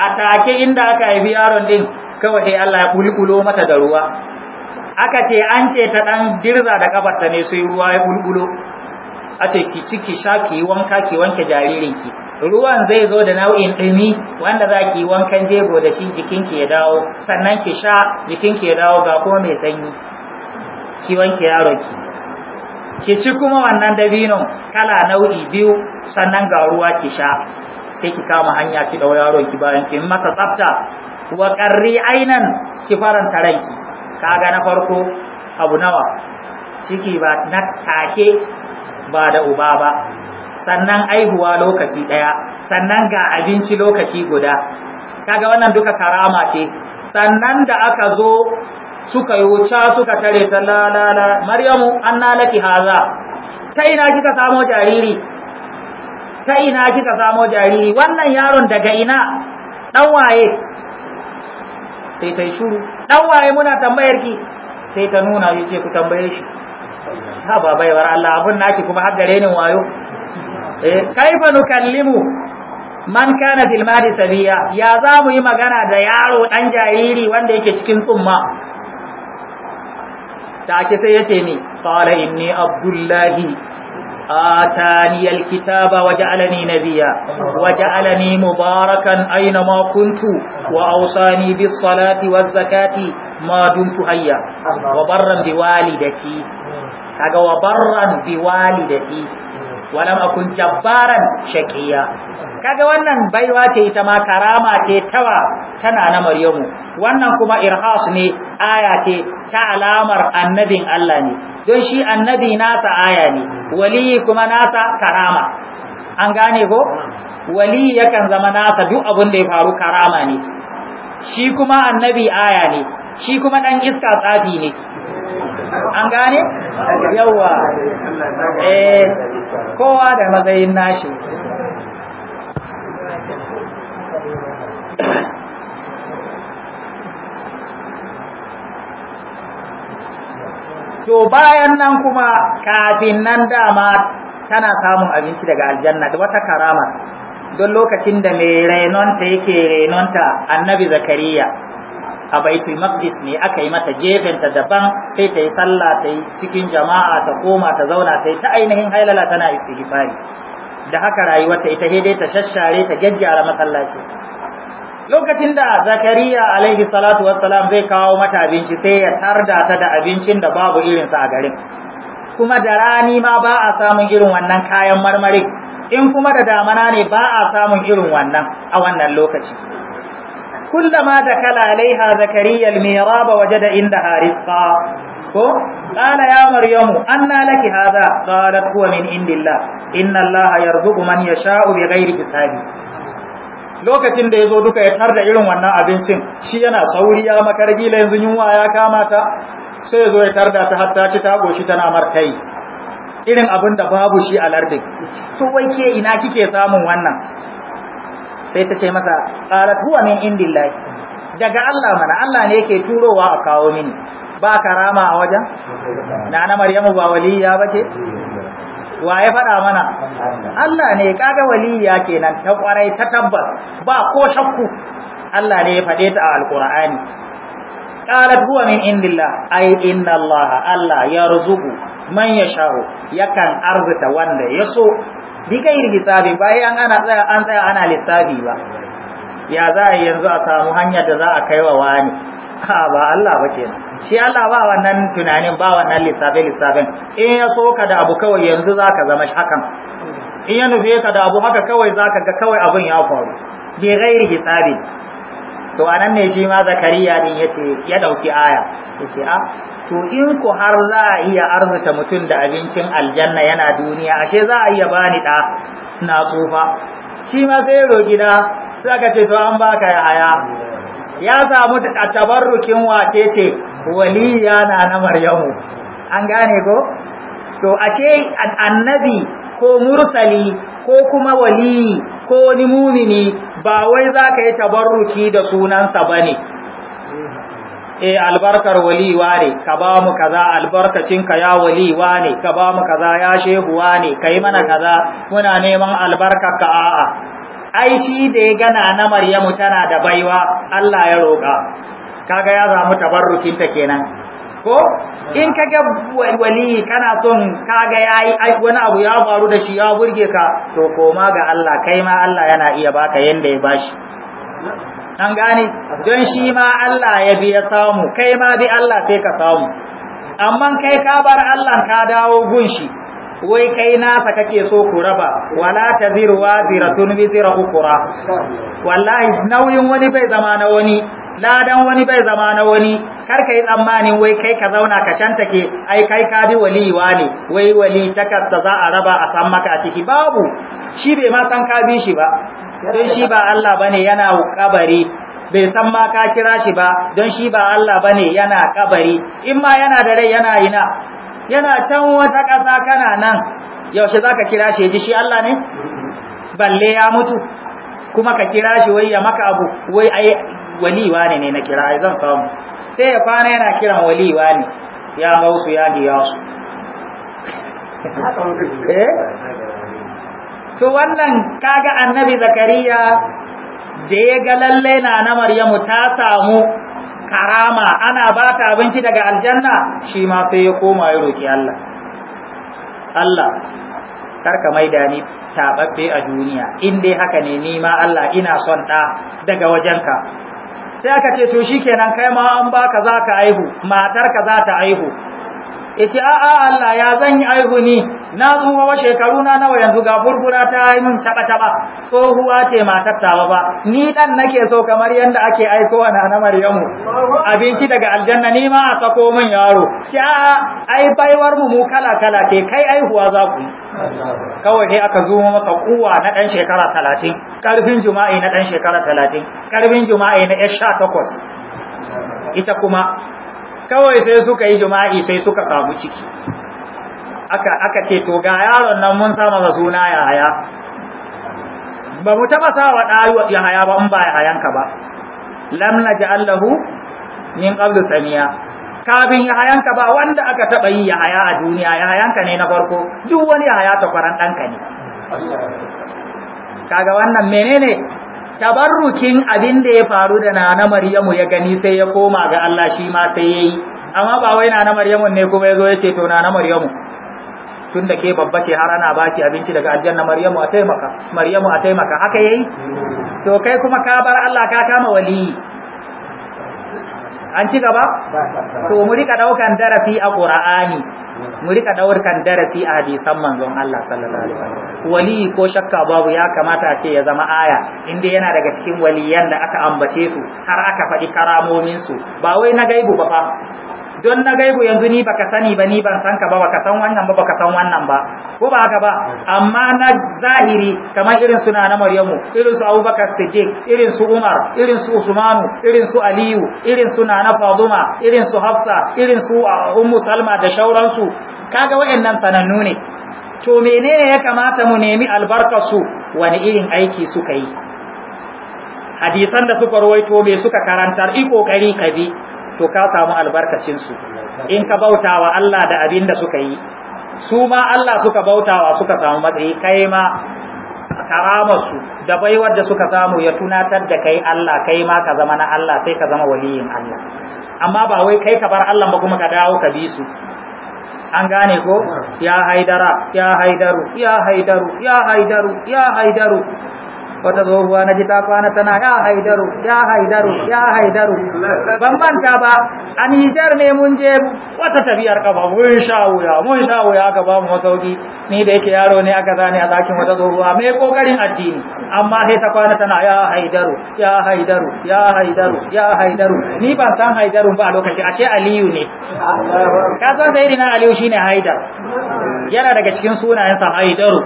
a take inda aka haifi yaron din kawai dai Allah ya kulkulo mata da ruwa aka ce an ce ta ɗan dirza da ta ne sai ruwa ya bulbulo a ce ki ciki sha ki wanka ki wanke jaririnki ruwan zai zo da nau'in ɗumi wanda za ki wankan jego da shi jikinki ya dawo sannan ki sha jikinki ya dawo ga kuma mai sanyi ki wanke yaronki ki ci kuma wannan dabino kala nau'i biyu sannan ga ruwa ki sha sai ki kama hanya ki yaro yaronki bayan ki masa tsafta wa ƙarri ainan ki faranta ranki kaga na farko abu nawa ciki ba na take ba da uba ba sannan aihuwa lokaci daya sannan ga abinci lokaci guda kaga wannan duka karama ce sannan da aka zo suka yi wuca suka tare ta lalala maryamu anna laki haza ta ina kika samo jariri ta ina kika samo jariri wannan yaron daga ina dan waye sai ta shuru dan waye muna tambayar ki sai ta nuna ce ku tambaye shi ha ba baiwar Allah abun naki kuma har gare ni wayo eh kaifa nukallimu man kana fil madi sabiya ya za mu yi magana da yaro dan jariri wanda yake cikin tsumma ta ake sai yace ni qala inni abdullahi آتاني الكتاب وجعلني نبيا وجعلني مباركا أينما كنت وأوصاني بالصلاة والزكاة ما دمت هيا وبرا بوالدتي هذا wa بوالدتي ولم أكن جبارا شكيا kaga wannan baiwa ce ita ma karama ce tawa tana na maryamu wannan kuma irhas ne aya ce ta alamar annabin Allah ne don shi annabi nasa aya ne waliyi kuma nasa karama an gane ko waliyi yakan zama nasa duk abin da ya faru karama ne shi kuma annabi aya ne shi kuma dan iska tsafi ne an gane yawa eh kowa da matsayin nashi to bayan nan kuma kafin nan dama tana samun abinci daga aljanna da wata karama don lokacin da mai renonta yake renonta annabi zakariya a baitul maqdis ne aka yi mata ta daban sai ta yi sallah ta yi cikin jama'a ta koma ta zauna ta yi ta ainihin hailala tana istighfari da haka rayuwarta ita sai dai ta shashare ta gyaggyara masallaci lokacin da zakariya alaihi salatu wassalam zai kawo mata abinci sai ya tarda ta da abincin da babu irinsa a garin kuma da rani ma ba a samun irin wannan kayan marmari in kuma da damana ne ba a samun irin wannan a wannan lokaci kullama da kala alaiha zakariya almiraba wajada inda rizqa ko qala ya maryamu anna laki hadha qalat huwa min indillah inna allaha yarzuqu man yasha'u bighairi hisabi lokacin da ya zo duka ya tar da irin wannan abincin shi yana sauri ya makargi la yanzu yunwa ya kama ta sai ya zo ya tar da ta hatta ci ta goshi tana markai. irin abin da babu shi a lardin to wai ke ina kike samun wannan sai ta ce masa qalat huwa min indillahi daga Allah mana Allah ne yake turowa a kawo mini ba karama a wajen Nana Maryamu ba waliya bace wa ya faɗa mana Allah ne kaga waliya kenan ta kwarai ta tabbas ba ko shakku Allah ne ya faɗe ta a alqur'ani qalat huwa min indillah ay inna Allah Allah yarzuqu man yasha'u yakan arzuta wanda yaso bi gairi hisabi bayan ana tsaya an tsaya ana lissafi ba ya za a yanzu a samu hanyar da za a kai wa wani ha ba Allah ba kenan shi Allah ba wannan tunanin ba wannan lissafe lissafen in ya so ka da abu kawai yanzu zaka zama hakan in ya nufe ka da abu haka kawai zaka ga kawai abun ya faru bi ghairi hisabi to anan ne shi ma zakariya din yace ya dauki aya yace a ah, to in ku har za a iya arzuta mutum da abincin aljanna yana duniya ashe za a iya bani da na tsufa shi ma sai roki da sai ce to an baka ya ya samu a tabarrukin wace ce waliya na na maryamu an gane ko to ashe annabi ko mursali ko kuma waliyi ko wani mumini ba wai za ka yi tabarruki da sunansa ba ne e albarkar wali wane ka ba mu kaza ka ya wali wane ka ba mu kaza ya shehu ne ka mana kaza muna neman albarkar ka a'a ai shi da ya gana na Maryamu tana da baiwa Allah ya roƙa kaga ya zamu tabarrukin ta kenan ko in kaga wali kana son kaga yayi wani abu ya faru da shi ya burge ka to koma ga Allah kai ma Allah yana iya baka yanda ya bashi an gane don shi ma Allah ya bi ya samu kai ma bi Allah sai ka samu amma kai ka bar Allah ka dawo gunshi wai kai nasa kake so ku raba wala taziru waziratun bizira ukura wallahi nauyin wani bai zama na wani ladan wani bai zama na wani kar kai tsammanin wai kai ka zauna ka shantake ai kai ka bi wali ne wai wali takarta za a raba a san maka ciki babu shi bai ma san ka bi shi ba don shi ba Allah bane yana kabari bai san ma ka kira shi ba don shi ba Allah bane yana kabari in ma yana da rai yana ina yana can wata ƙasa kana nan yaushe za ka kira shi ji shi Allah ne balle ya mutu kuma ka kira shi wai ya maka abu wai ai waliwa ne ne na kira zan samu sai ya kwana yana kiran waliwa ne ya mausu ya giyasu yasu eh? to wannan kaga annabi zakariya da ya ga lalle na na maryamu ta samu harama ana ba abinci daga aljanna shi ma sai ya koma ya roki Allah Allah karka maida ni tababbe a duniya in dai haka ne ni ma Allah ina son ɗa daga wajenka sai aka ce to shikenan kai ma an baka za ka aihu matar ka za ta aihu ya a a'a Allah ya zan yi aihu ni na zuwa wa shekaru na nawa yanzu ga burbura ta yi min taba taba tsohuwa ce matar tawa ba ni dan nake so kamar yanda ake aiko wa na Maryamu abinci daga aljanna ni ma a sako min yaro ce a'a ai baiwar mu mu kala kala ke kai aihuwa za ku kawai sai aka zo masa kuwa na dan shekara 30 karfin jima'i na dan shekara 30 karfin jima'i na 18 ita kuma kawai sai suka yi jima'i sai suka samu ciki aka aka ce to ga yaron nan mun sa masa suna yaya. ba mu taba sa wa da yaya ba in ba yayanka ba lam naj'al lahu min qabl samiya kafin yahayanka ba wanda aka taɓa yi yaya a duniya yahayanka ne na farko duk wani yaya ta faran ɗanka ne kaga wannan menene tabarrukin abin da ya faru da nana Maryamu ya gani sai ya koma ga Allah shi ma sai yayi amma ba wai na Maryamu ne kuma yazo ya ce to nana Maryamu tunda ke babba ce har ana baki abinci daga aljanna Maryamu a taimaka Maryamu a taimaka haka yayi to kai kuma ka bar Allah ka kama wali an ci gaba to mu rika daukan darasi a Qur'ani mu riƙa daur kan darasi a hadisan manzon Allah sallallahu alaihi wasallam wali ko shakka babu ya kamata ce ya zama aya inda yana daga cikin waliyan da aka ambace su har aka faɗi karamomin su ba wai na gaibu ba fa don na gaibu yanzu ni baka sani ba ni ban san ka ba baka san wannan ba baka san wannan ba ko ba haka ba amma na zahiri kamar irin suna na Maryamu irin su Abubakar Siddiq irin su Umar irin su Usmanu irin su Aliyu irin su Nana Fatima irin su Hafsa irin su ah, Ummu Salma da shauransu kaga wayannan sanannu ne to menene ya kamata mu nemi su wani irin aiki suka yi hadisan da suka rawaito me suka karantar i kokari ka bi to ka samu albarkacin su in ka bautawa Allah da abinda suka yi su ma Allah suka bautawa suka samu matsayi kai ma karamar su da baiwar da suka samu ya tunatar da kai Allah kai ma ka zama na Allah sai ka zama waliyin Allah amma ba wai kai ka bar Allah ba kuma ka dawo ka bi su an gane ko ya haidara ya haidaru ya haidaru ya haidaru ya haidaru wata tsohuwa na ji ta kwana tana ya haidaru ya haidaru ya haidaru ban manta ba a Nijar ne mun je wata tafiyar kafa mun sha wuya mun sha wuya aka ba mu masauki ni da yake yaro ne aka zane a zakin wata tsohuwa mai kokarin addini amma sai ta kwana tana ya haidaru ya haidaru ya haidaru ya haidaru ni ban san haidaru ba a lokaci ce Aliyu ne ka san na Aliyu shine haidar yana daga cikin sunayensa haidaru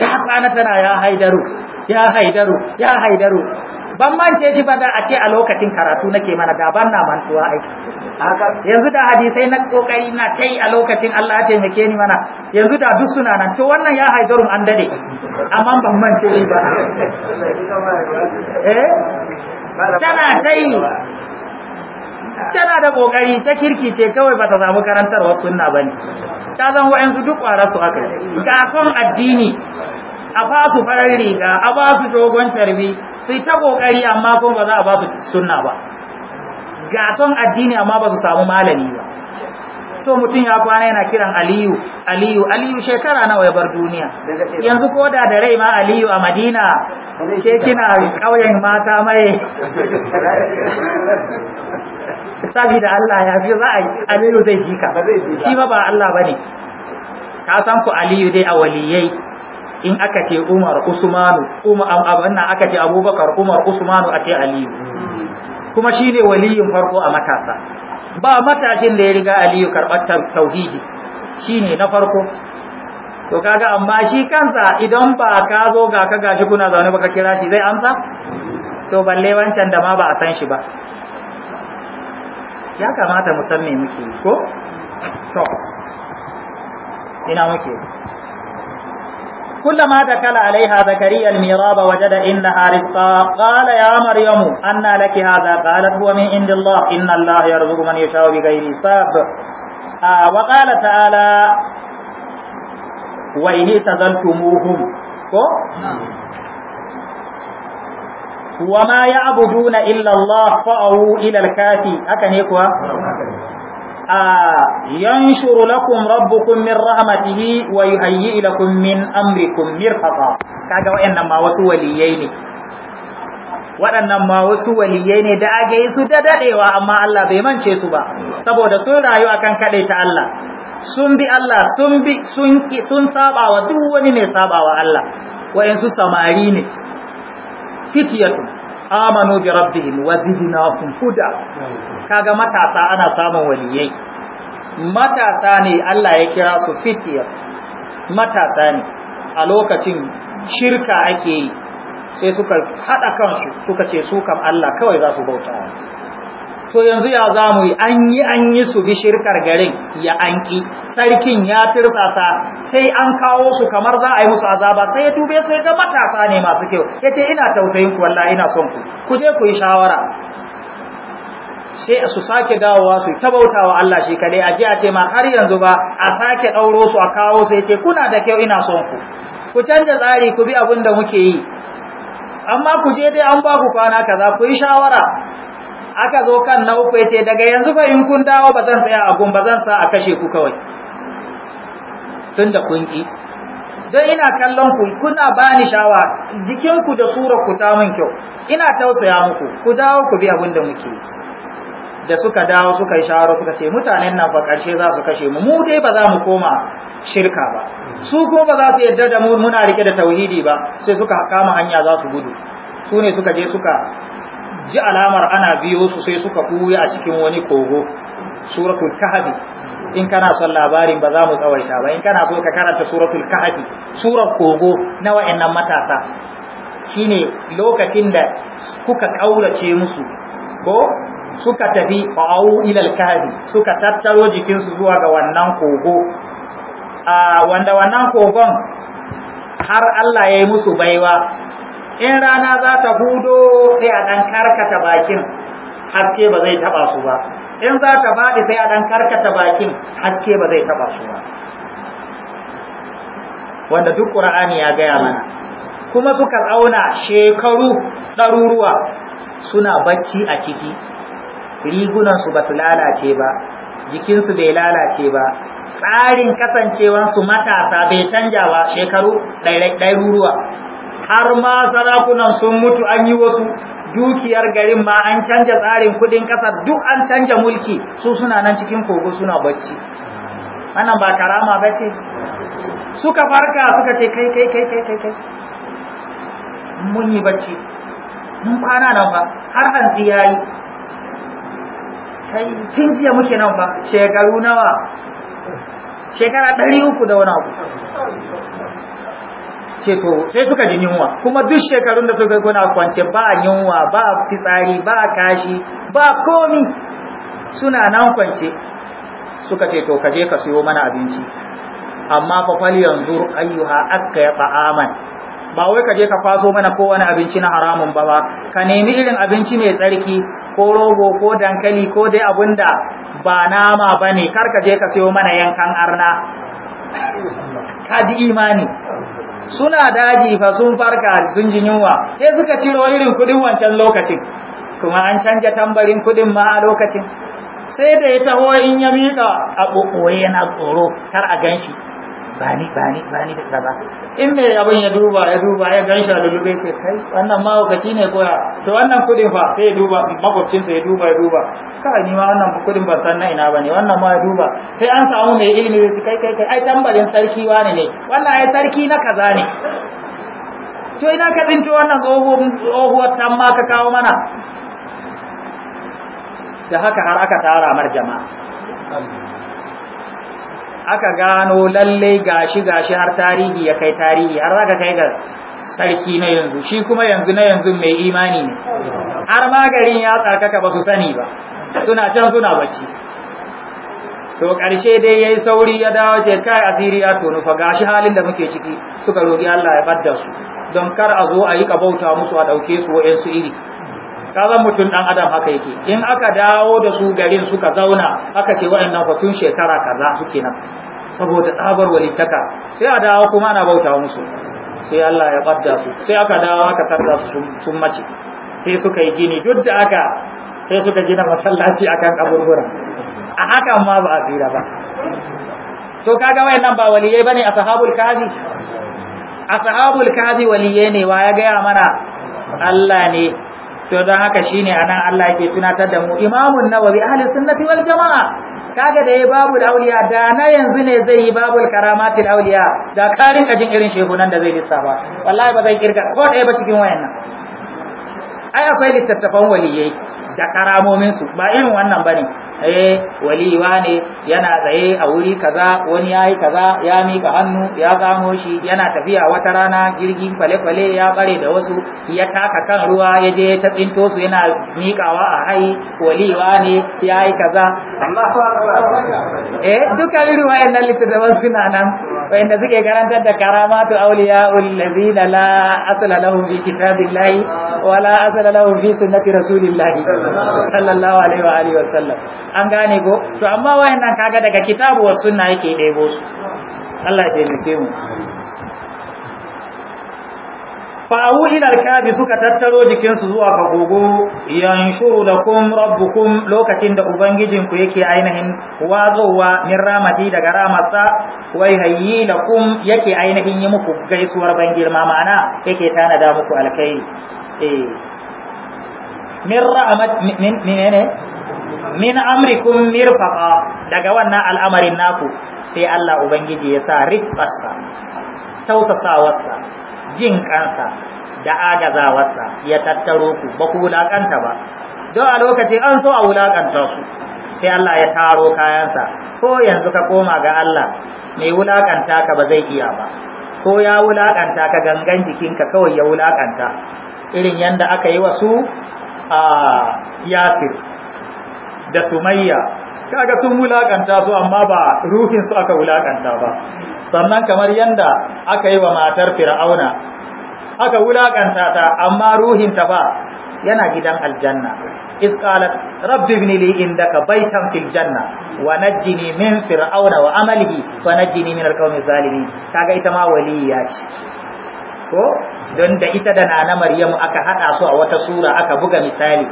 ya tsana tana ya haidaru ya haidaru ya haidaru ban mance shi ba da a ce a lokacin karatu nake mana da ban na mantuwa ai yanzu da hadisai na kokari na tai a lokacin Allah ya taimake ni mana yanzu da duk suna nan to wannan ya haidarun an dade amma ban mance shi ba eh tana tai tana da kokari ta kirki ce kawai bata samu karantarwar sunna bane ta zan su duk kwara su aka ga son addini a ba su farar riga a ba su dogon sharbi su ta kokari amma kuma ba za a ba su sunna ba ga son addini amma ba su samu malami ba So mutum ya kwana yana kiran aliyu aliyu aliyu shekara nawa ya bar duniya yanzu ko da da rai ma aliyu a madina ke kina ƙauyen mata mai da Allah ya fi za a yi Aliyu zai ji shi ma ba Allah ba ne. ka san ku Aliyu dai a waliyai in aka ce Umar Usmanu Umar abanna aka ce Abubakar Umar Usmanu a ce Aliyu kuma shine waliyin farko a matasa ba matashin da ya riga Aliyu karɓar tauhidi shine na farko to kaga amma shi kansa idan ba ka zo ga ka gashi kuna zaune baka kira shi zai amsa to balle wancan da ma ba a san shi ba ya kamata mu san me muke ko to ina muke كلما دخل عليها زكريا الميراب وجد إنها رزقا قال يا مريم أنى لك هذا قالت هو من عند الله إن الله يرزق من يشاء بغير حساب آه وقال تعالى وإن اعتزلتموهم wa ma ya'buduna illa Allah fa'u ila al-kafi haka ne kuwa yanshuru lakum rabbukum min rahmatihi wa yuhayyi lakum min ne waɗannan ma wasu waliyai ne da ake yi su da daɗewa amma Allah bai mance su ba saboda sun rayu akan kaɗai ta Allah sun bi Allah sun bi sun ki sun sabawa duk wani ne sabawa Allah su samari ne fitiyatu amanu bi rabbihim wa zidnahum huda kaga matasa ana samun waliyai matasa ne Allah ya kira su fitiyar. matasa ne a lokacin shirka ake yi sai suka hada kansu suka ce su kam Allah kawai za su bauta to yanzu ya za mu yi an yi an yi su bi shirkar garin ya anki sarkin ya firsasa sai an kawo su kamar za a yi musu azaba sai ya tube sai ga matasa ne masu kyau ya ce ina tausayin ku wallahi ina son ku ku je ku yi shawara sai su sake dawowa su ta bautawa Allah shi kadai a a ce ma har yanzu ba a sake ɗauro su a kawo su ya ce kuna da kyau ina son ku ku canza tsari ku bi abin da muke yi amma ku je dai an ba ku kwana kaza ku yi shawara aka zo kan na uku yace daga yanzu fa in kun dawo ba zan tsaya a gun ba zan sa a kashe ku kawai tunda kun ki don ina kallon ku kuna bani shawa jikin ku da surar ku ta mun kyau ina tausaya muku ku dawo ku bi abin da muke da suka dawo suka yi shawara suka ce mutanen nan fa karshe za su kashe mu mu dai ba za mu koma shirka ba su ko ba za su yarda da mu muna rike da tauhidi ba sai suka kama hanya za su gudu su ne suka je suka ji alamar ana biyo su sai suka ɓuya a cikin wani kogo suratul kahfi in kana son labarin ba za mu tsawaita ba in kana so ka karanta suratul kahfi surar kogo na wayannan matasa shine lokacin da kuka kaulace musu ko suka tafi fa'u ila al suka tattaro jikinsu zuwa ga wannan kogo a ah, wanda wannan kogon har Allah ya yi musu baiwa in rana za ta hudo sai a ɗan karkata bakin haske ba zai taɓa su ba in za ta faɗi sai a ɗan karkata bakin haske ba zai taɓa su ba wanda duk ƙur'ani ya gaya mana kuma suka tsauna shekaru ɗaruruwa suna bacci a ciki rigunansu ba su lalace ba jikinsu bai lalace ba tsarin kasancewansu matasa bai canja ba shekaru ɗaruruwa har ma sarakunan sun mutu an yi wasu dukiyar garin ma an canja tsarin kudin kasa duk an canja mulki su suna nan cikin kogo suna bacci wannan ba karama ba ce suka farka suka ce kai kai kai kai kai kai mun yi bacci mun kwana nan ba har hanzi ya yi kai tun jiya muke nan ba shekaru nawa shekara ɗari uku da wani abu ce to sai suka ji yunwa kuma duk shekarun da suka kuna kwance ba yunwa ba fitsari ba kashi ba komi suna nan kwance suka ce to kaje ka siyo mana abinci amma fa fal yanzu ayyuha akka ya ta'aman ba wai kaje ka kwaso mana kowane abinci na haramun ba ba ka nemi irin abinci mai tsarki ko rogo ko dankali ko dai abinda ba nama bane kar ka je ka siyo mana yankan arna ka ji imani suna daji fa sun farka sun ji yunwa sai suka ciro irin kudin wancan lokacin kuma an canja tambarin kudin ma a lokacin sai da ya taho in ya mika. a ɓoɓɓoye yana tsoro kar a gan shi. bani bani bani da kaza in mai abin ya duba ya duba ya gan shi a lullube ke, kai wannan mahaukaci ne koya to wannan kudin fa sai ya duba makwabcinsa ya duba ya duba Ka ni ma wannan kudin ba san na ina ba ne wannan ma ya duba sai an samu mai ilimi su kai kai kai ai tambarin sarki wani ne wannan ai sarki na kaza ne to ina ka tsinto wannan tsohuwar tan ma ka kawo mana da haka har aka tara mar jama'a aka gano lalle gashi gashi har tarihi ya kai tarihi har zaka kai ga sarki na yanzu shi kuma yanzu na yanzu mai imani ne har magarin ya tsarkaka ba su sani ba suna can suna bacci to ƙarshe dai yayi sauri ya dawo ce kai asiri ya tonu fa gashi halin da muke ciki suka roki Allah ya badda su don kar a zo a yi kabauta musu a dauke su wa'ansu iri kaza mutum dan adam haka yake in aka dawo da su garin suka zauna aka ce wa'annan fa tun shekara kaza suke nan saboda tsabar walittaka sai a dawo kuma ana bauta musu sai Allah ya badda su sai aka dawo aka tarda su sun mace sai suka yi gini duk da aka sai suka gina masallaci akan kaburbura a haka ma ba a tsira ba to kaga wayannan ba waliyai bane ashabul kahfi ashabul kazi waliyai ne wa ya gaya mana Allah ne to don haka shine anan Allah yake tunatar da mu imamun nawawi ahli sunnati wal jama'a kaga da babu babul auliya da na yanzu ne zai yi babul karamatil auliya da karin kajin irin shehunan da zai lissafa wallahi ba zai kirga ko ɗaya ba cikin wayannan ai akwai littattafan waliyai da karamomin su ba irin wannan bane eh wali wane yana tsaye a wuri kaza wani yayi kaza ya mika hannu ya gamo shi yana tafiya wata rana jirgin kwale-kwale ya bare da wasu ya taka kan ruwa ya je ta tsinto su yana mikawa a hai waliwa ne yayi kaza eh dukkan irin wayannan littattafan suna nan wayanda suke karantar da karamatu awliya allazina la asla lahum fi kitabillahi wala asla lahum fi sunnati rasulillahi sallallahu alaihi wa alihi wa sallam an gane go to amma wayannan kaga daga kitabu wa sunna yake ɗebo su Allah ya taimake mu fa'awu ila alkabi suka tattaro jikin su zuwa ga gogo yanshuru lakum rabbukum lokacin da ubangijin ku yake ainihin wazowa min ramati daga ramatsa wai hayyi lakum yake ainihin yi muku gaisuwar ban girma ma'ana yake tanada muku alkai eh min rahmat min ne min amrikum mirfaqa daga wannan al'amarin naku sai Allah ubangiji ya sa rifarsa tausasawarsa jin kansa da agazawarsa ya tattaro ku ba ku wulaƙanta ba don a lokaci an so a wulakanta su sai Allah ya taro kayansa ko yanzu ka koma ga Allah mai wulaƙanta ka ba zai iya ba ko ya wulaƙanta ka gangan jikinka kawai ya wulaƙanta irin yanda aka yi wa su a yasir da sumayya kaga sun wulakanta su amma ba ruhin su aka wulakanta ba sannan kamar yanda aka yi wa matar fir'auna aka wulakanta ta amma ruhin ta ba yana gidan aljanna iz qalat rabbi ibn li indaka baytan fil janna wa najjini min fir'auna wa amalihi wa najjini min alqawmi zalimin kaga ita ma waliya ce ko don da ita da nana maryam aka hada su a wata sura aka buga misali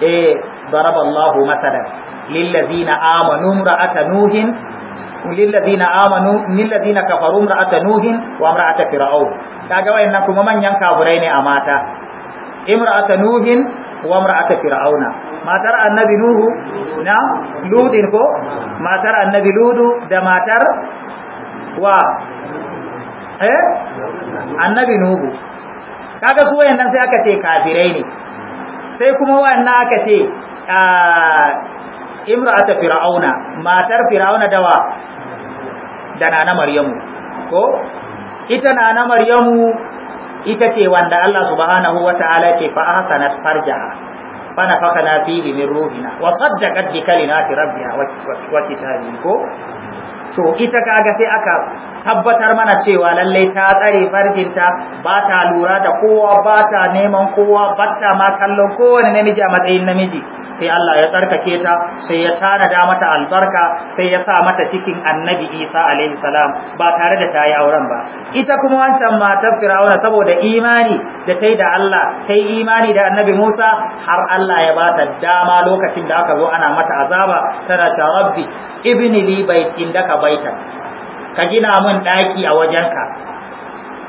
eh daraballahu masalan lillazina amanu ra'ata nuhin lillazina amanu lillazina kafaru ra'ata nuhin wa ra'ata fir'aun kaga wayannan kuma manyan kafurai ne a mata imra'ata nuhin wa imra'ata fir'auna matar annabi nuhu na ludin ko matar annabi ludu da matar wa eh annabi nuhu kaga su wayannan sai aka ce kafirai ne sai kuma wannan aka ce ah, imra'ata fir'auna matar fir'auna dawa da nana maryamu ko ita nana maryamu ita ce wanda Allah subhanahu wata'ala ce fa ahsanat farjaha fa nafakana fihi min ruhina wa saddaqat bi kalimati rabbiha wa kitabihi ko to ita kaga sai aka tabbatar mana cewa lallai ta tsare farjinta ba ta lura da kowa ba ta neman kowa ba ta ma kallon kowane namiji a matsayin namiji sai Allah ya tsarkake ta sai ya tanada mata albarka sai ya sa mata cikin annabi Isa alaihi salam ba tare da ta yi auren ba ita kuma wancan matar Fir'auna saboda imani da tai da Allah tai imani da annabi Musa har Allah ya ba ta dama lokacin da aka zo ana mata azaba tana ta rabbi ibni li baitin daka baita ka gina mun daki a wajenka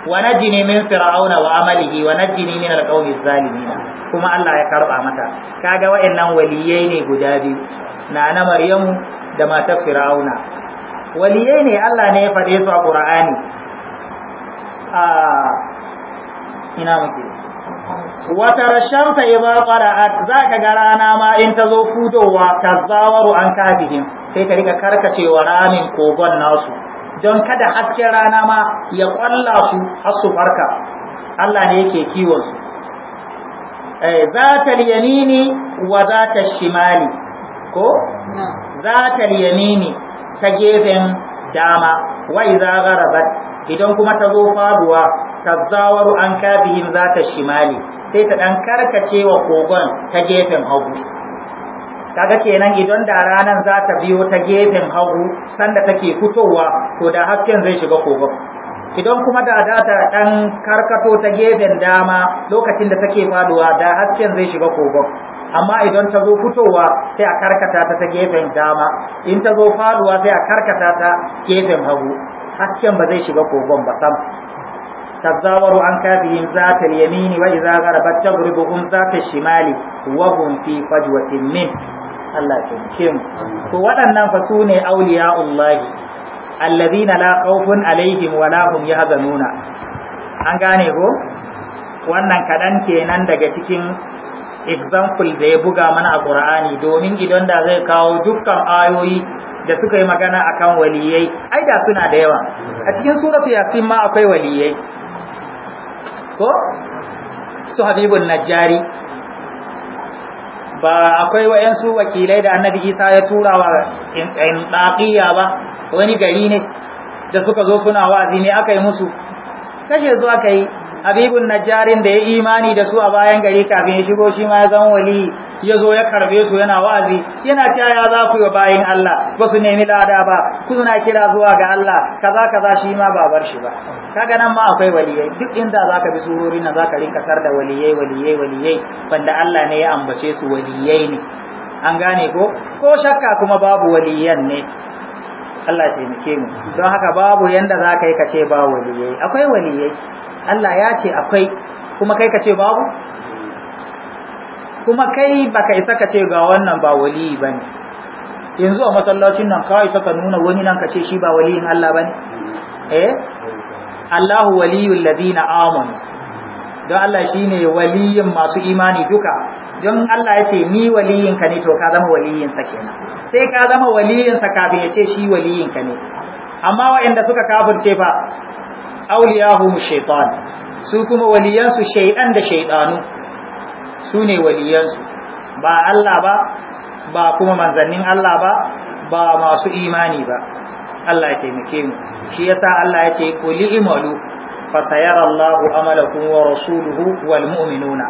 wa najini min fir'auna wa amalihi wa najini min alqawmi zalimin kuma Allah ya karba mata kaga wayannan waliyai ne guda biyu na na Maryamu da matar fir'auna waliyai ne Allah ne ya fade su a Qur'ani a ina muke wata rashamta idza qara'at zaka ga rana ma in ta zo fudowa tazawaru an kafihim sai ka rika karkacewa ramin kogon nasu don kada hasken rana ma ya kwalla su har su farka Allah ne yake kiwon su eh, za ta yamini wa za ta shimali ko za ta yamini ta gefen dama wai idza gharabat idan kuma ta zo faduwa zawaru an za ta shimali sai ta dan karkacewa kogon ta gefen hagu kaga kenan idan da ranar za ta biyo ta gefen hagu sanda take fitowa to da hasken zai shiga kogon idan kuma da za ta dan karkato ta gefen dama lokacin da take faduwa da hasken zai shiga kogon amma idan ta zo fitowa sai a karkata ta ta gefen dama in ta zo faduwa sai a karkata ta gefen hagu hasken ba zai shiga kogon ba sam تزاوروا عن كافهم ذات اليمين وإذا غربت تغربهم ذات الشمال وهم في فجوة منه Allah ya taimake mu to waɗannan fa su ne Allah allazina la khawfun alaihim wa lahum yahzanuna an gane ko wannan kaɗan kenan daga cikin example da ya buga mana a Qur'ani domin idan da zai kawo dukkan ayoyi da suka yi magana akan waliyai ai da suna da yawa a cikin suratu yasin ma akwai waliyai ko su habibun najjari ba akwai wayansu wakilai da annabi isa ya tura wa ɗaƙiya ba wani gari ne da suka zo suna wa'azi ne aka yi musu kashe zuwa aka yi habibun najjarin da ya imani da su a bayan gari kafin ya shigo shi ma ya zama wali ya zo ya karbe su yana wa'azi yana cewa ya za ku yi bayin Allah ba su nemi lada ba ku suna kira zuwa ga Allah kaza kaza shi ma ba bar shi ba kaga nan ma akwai waliyai duk inda za ka bi surori nan ka rinka tar da waliyai waliyai waliyai wanda Allah ne ya ambace su waliyai ne an gane ko ko shakka kuma babu waliyan ne Allah ya taimake mu don haka babu yanda za ka yi ka ce ba waliyai akwai waliyai Allah ya ce akwai kuma kai ka ce babu kuma kai baka isa ka ce ga wannan ba wali bane yanzu a masallacin nan isa ka nuna wani nan ka ce shi ba waliyin Allah bane eh Allahu waliyul ladina amanu don Allah shine waliyin masu imani duka don Allah ya ce ni waliyin ka ne to ka zama waliyin sa kenan sai ka zama waliyin sa kafin ya ce shi waliyin ka ne amma waɗanda suka kafirce fa auliyahu shaytan su kuma waliyansu shaydan da shaydanu su ne waliyansu ba Allah ba ba kuma manzannin Allah ba ba masu imani ba Allah ya taimake mu shi yasa Allah ya ce quli imalu fa sayara Allahu amalakum wa rasuluhu wal mu'minuna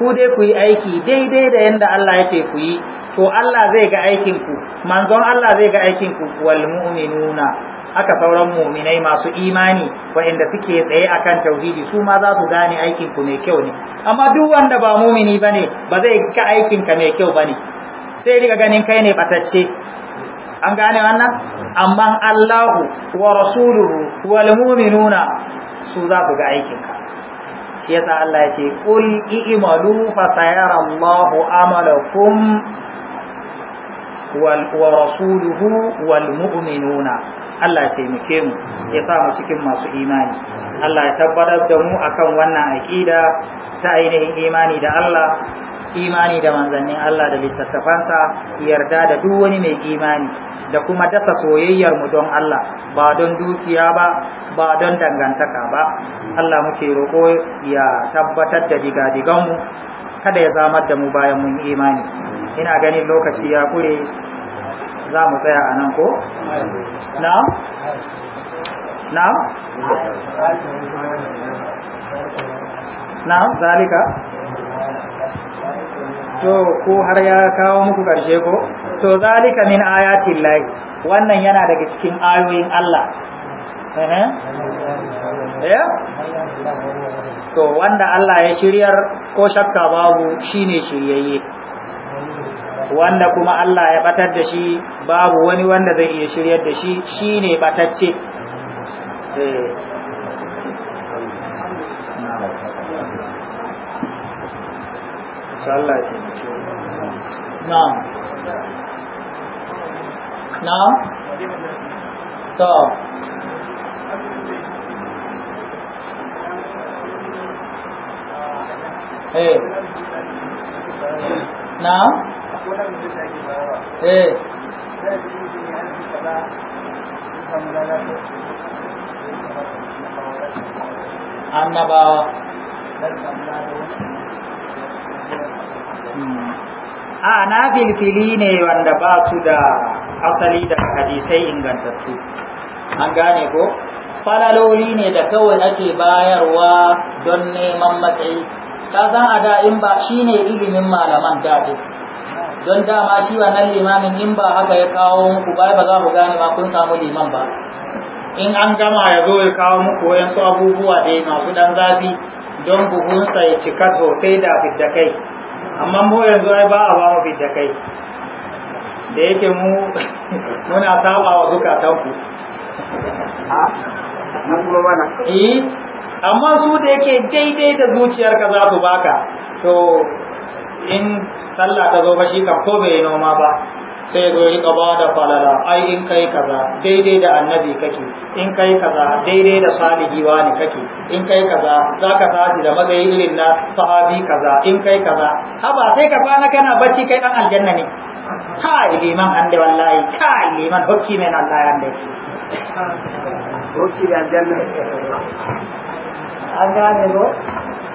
ku dai ku yi aiki daidai da yanda Allah ya ce ku yi to Allah zai ga aikin ku manzon Allah zai ga aikin ku wal mu'minuna haka sauran muminai masu imani waɗanda suke tsaye akan tauhidi su ma za su gane aikinku mai kyau ne amma duk wanda ba mumini bane ba zai ga aikin ka mai kyau bane sai riga ganin kai ne batacce an gane wannan amma Allahu wa rasuluhu wal mu'minuna su za ku ga aikin ka shi yasa Allah ya ce qul i'malu fa sayara Allahu amalakum wa rasuluhu wal mu'minuna Allah ya taimake mu ya sa mu cikin masu imani Allah ya tabbatar da mu akan wannan aƙida ta ainihin imani da Allah imani da manzannin Allah da littattafansa yarda da duk wani mai imani da kuma dasa soyayyar mu don Allah ba don dukiya ba ba don dangantaka ba Allah muke roƙo ya tabbatar da digadigan mu kada ya zama da mu bayan mun imani ina ganin lokaci ya kure za mu tsaya a nan ko? na, na? na? zalika? to ko har ya kawo muku ƙarshe ko? to zalika min ayatin layi wannan yana daga cikin ayoyin Allah eh? to wanda Allah ya shiryar ko shakka babu shine shiryayye wanda kuma Allah ya batar da shi babu wani wanda zai iya shiryar da shi shi ne batacce Hey. Eh. na'am to eh. Eh. A'a a hmm. ah, na filfili ne wanda ba su da asali da hadisai ingantattu an gane ko falaloli ne da kawai ake bayarwa don neman matsayi ta zan a da in ba shine ilimin malaman daɗi don dama shi wannan limamin in ba haka ya kawo muku ba ba za ku gane ma kun samu liman ba in an gama ya zo ya kawo muku wayansu abubuwa da masu dan zafi don buhunsa ya cika sosai da fiddakai amma mu yanzu ai ba a ba mu fiddakai da yake mu muna saba wa zukatanku eh, amma su da yake daidai da zuciyarka za su baka to in sallah ta zo ba shi kam ko bai noma ba sai zo yi ba da falala ai in kai kaza daidai da annabi kake in kai kaza daidai da salihi wani kake in kai kaza ka tashi da matsayin irin na sahabi kaza in kai kaza haba sai ka kwana kana bacci kai dan aljanna ne Ha liman ande wallahi ka liman hokki men Allah ande hokki aljanna an gane ko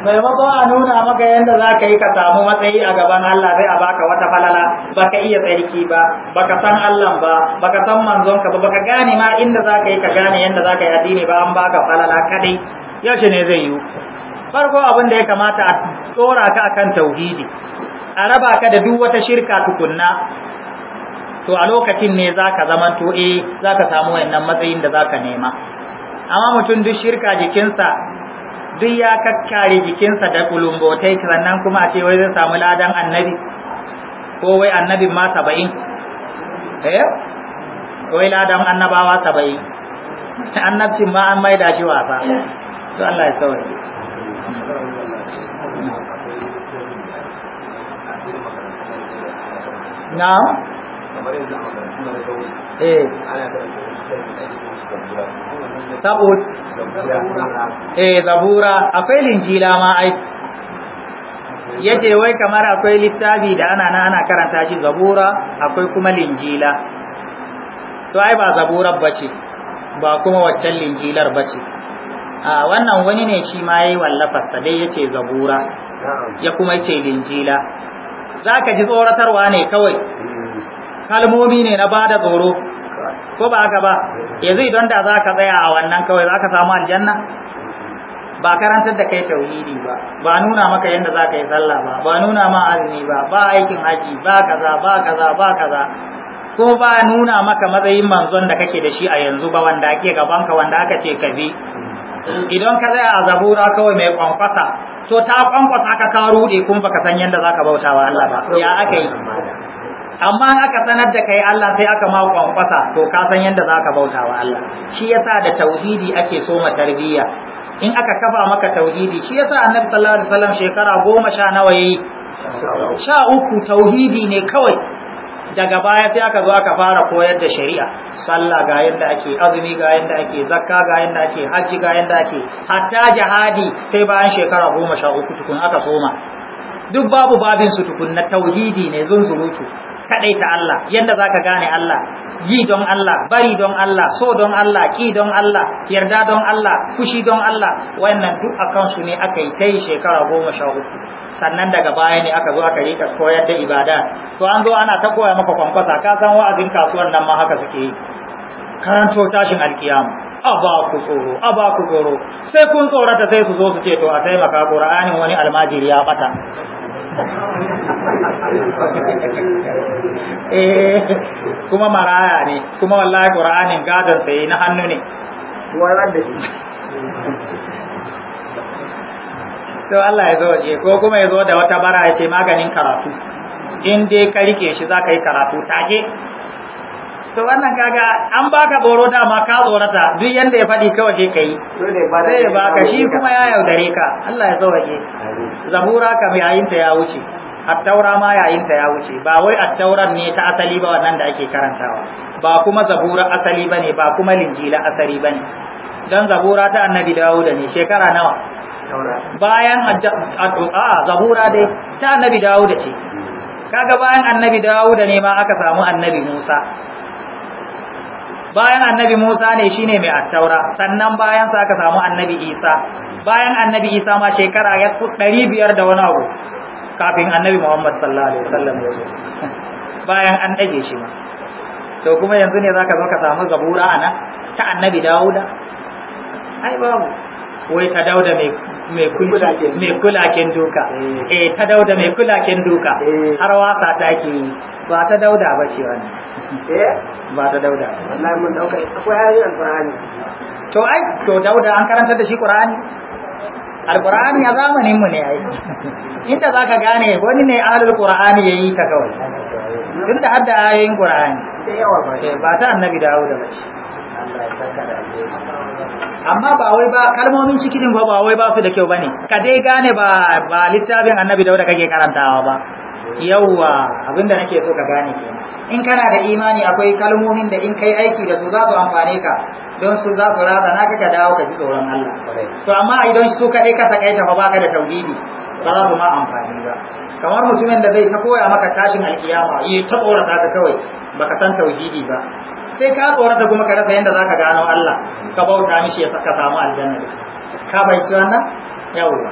maimakon a nuna maka yadda za ka yi ka samu matsayi a gaban Allah sai a baka wata falala baka iya tsarki ba baka san Allah ba baka san manzon ka ba baka gane ma inda za ka yi ka gane yadda za ka yi addini ba an baka falala kadai yaushe ne zai yiwu farko abin da ya kamata a tsora ka kan tauhidi a raba ka da duk wata shirka tukunna to a lokacin ne za ka zama to eh za ka samu wannan matsayin da za ka nema amma mutum duk shirka jikinsa duk ya kakkare jikinsa da kulumbotai sannan kuma a ce wai zai samu ladan annabi ko wai annabin ma saba'in eh wai ladan annabawa saba'in annabcin ma an maida shi wasa to Allah ya sauke na eh sabut eh zabura akwai linjila ma ai yace wai kamar akwai littafi da ana nan ana karanta shi zabura akwai kuma linjila to ai ba zabura bace ba kuma waccan linjilar bace a wannan wani ne shi ma yayi wallafar sa dai yace zabura ya kuma yace linjila zaka ji tsoratarwa ne kawai hmm. kalmomi ne na bada tsoro ko ba haka ba yanzu idan da za ka tsaya a wannan kawai za ka samu aljanna ba karantar da kai tauhidi ba ba nuna maka yadda za ka yi sallah ba ba nuna ma azumi ba ba aikin haji ba kaza ba kaza ba kaza ko ba nuna maka matsayin manzon da kake da shi a yanzu ba wanda ake gaban ka wanda aka ce ka bi idan ka tsaya a zabura kawai mai kwankwasa to ta kwankwasa ka ka rude kuma baka san yadda zaka bautawa Allah ba ya aka yi amma in aka sanar da kai Allah sai aka ma kwankwasa to ka san yadda za ka bauta wa Allah shi yasa da tauhidi ake so ma tarbiyya in aka kafa maka tauhidi shi yasa annabi sallallahu alaihi wasallam shekara goma sha nawa yayi sha uku tauhidi ne kawai daga baya sai aka zo aka fara koyar da shari'a sallah ga yadda ake azumi ga yadda ake zakka ga yadda ake hajji ga yadda ake hatta jihadi sai bayan shekara goma sha uku tukun aka soma duk babu babin su tukun na tauhidi ne zunzurutu ta Allah yadda zaka gane Allah yi don Allah bari don Allah so don Allah ki don Allah yarda don Allah fushi don Allah Wannan duk akan su ne aka yi tai shekara goma sha uku sannan daga baya ne aka zo aka rika koyar da ibada to an zo ana ta koya maka kwankwasa ka san wa'azin kasuwar nan ma haka suke yi karanto tashin alkiyama a ba ku tsoro a ba ku tsoro sai kun tsorata sai su zo su ce to a taimaka ƙur'anin wani almajiri ya bata eh kuma maraya ne kuma wallahi qur'anin gadon sai na hannu ne to Allah ya zo je ko kuma ya zo da wata bara ya ce maganin karatu in dai ka rike shi za ka yi karatu take to wannan kaga an baka da ma ka tsorata duk yanda ya faɗi kawai sai kai sai ya baka shi kuma ya yaudare ka Allah ya sauke zabura kam yayin ta ya wuce attaura ma yayin ta ya wuce ba wai attauran ne ta asali ba wannan da ake karantawa ba kuma zabura asali bane ba kuma linjila asali bane dan zabura ta annabi dawuda ne shekara nawa bayan a zabura dai ta annabi dawuda ce kaga bayan annabi dawuda ne ma aka samu annabi musa bayan annabi Musa ne shine mai attaura sannan bayan sa aka samu annabi Isa bayan annabi Isa ma shekara ya ku 500 da wani abu kafin annabi Muhammad sallallahu alaihi wasallam ya zo bayan an dage shi ma to kuma yanzu ne zaka zo ka samu zabura ana ta annabi Dawuda ai babu wai ta dauda mai kulaken duka eh ta eh, dauda mai kulaken duka eh. har wasa ta ke ba ta dauda ba ce wannan eh? ba ta dauda wallahi mun dauka akwai ayoyin alqur'ani to ai to dauda an karanta da shi qur'ani alqur'ani a zamanin mu ne ai inda zaka gane wani ne ahlul qur'ani yayi ta kawai da hadda ayoyin qur'ani ba ta annabi dauda ba ce Allah ya saka da alheri amma ba wai ba kalmomin ciki ba ba wai ba su da kyau bane ka dai gane ba ba littafin annabi dauda kake karantawa ba yawwa abinda nake so ka gane kenan in kana da imani akwai kalmomin da in kai aiki da su za su amfane ka don su za su rada na ka dawo ka ji tsoron Allah to amma idan su kadai ka takaita ba ka da tauhidi ba za su ma amfani ba kamar mutumin da zai ta koya maka tashin alkiyama yi ta tsorata ka kawai baka san tauhidi ba sai ka tsorata kuma ka rasa yadda zaka gano Allah ka bauta mishi ya saka samu aljanna da ka bai ci wannan yawwa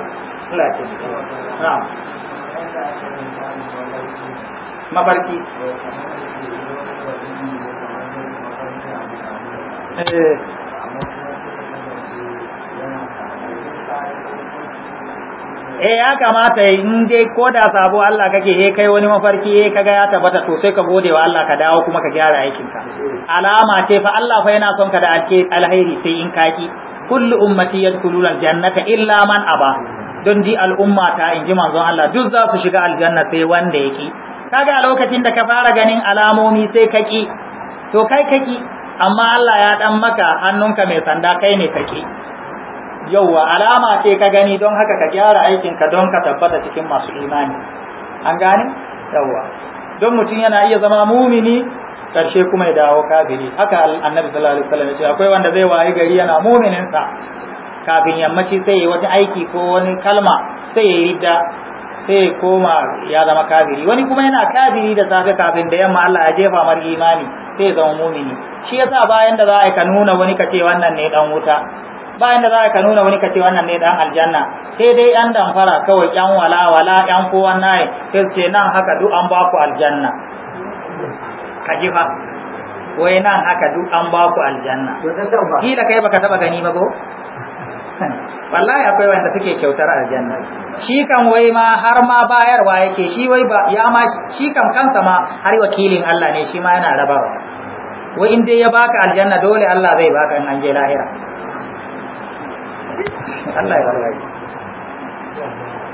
Allah ya ce na'am mabarki eh eh ya kamata in dai ko da sabo Allah kake eh kai wani mafarki eh kaga ya tabbata to sai ka gode wa Allah ka dawo kuma ka gyara aikin ka alama ce fa Allah fa yana son ka da alheri sai in kaki kullu ummati yadkhuluna aljannata illa man aba don di al'umma ta in ji manzon Allah duk za su shiga aljanna sai wanda yake kaga a lokacin da ka fara ganin alamomi sai kaki to kai kaki amma Allah ya dan maka hannunka mai sanda kai ne kaki yauwa alama ce ka gani don haka ka gyara aikinka don ka tabbata cikin masu imani an gane yauwa don mutum yana iya zama mumini karshe kuma ya dawo kafiri haka annabi sallallahu alaihi wasallam ce akwai wanda zai wayi gari yana muminin sa kafin yammaci sai yi wata aiki ko wani kalma sai yayi ridda sai ya koma ya zama kafiri wani kuma yana kafiri da safe kafin da yamma Allah ya jefa mar imani sai ya zama mumini shi yasa bayan da za a ka nuna wani kace wannan ne dan wuta Ba inda za ka nuna wani kace wannan ne dan aljanna sai dai yan damfara kawai yan wala wala yan kowa nai sai ce nan haka duk an ba ku aljanna kaje fa wai nan haka duk an ba ku aljanna kila kai baka taba gani ba ko wallahi akwai wanda suke kyautar aljanna shi kan wai ma har ma bayarwa yake shi wai ba ya ma shi kan kansa ma har wakilin Allah ne shi ma yana rabawa wai in dai ya baka aljanna dole Allah zai baka in an je lahira Allah ya bari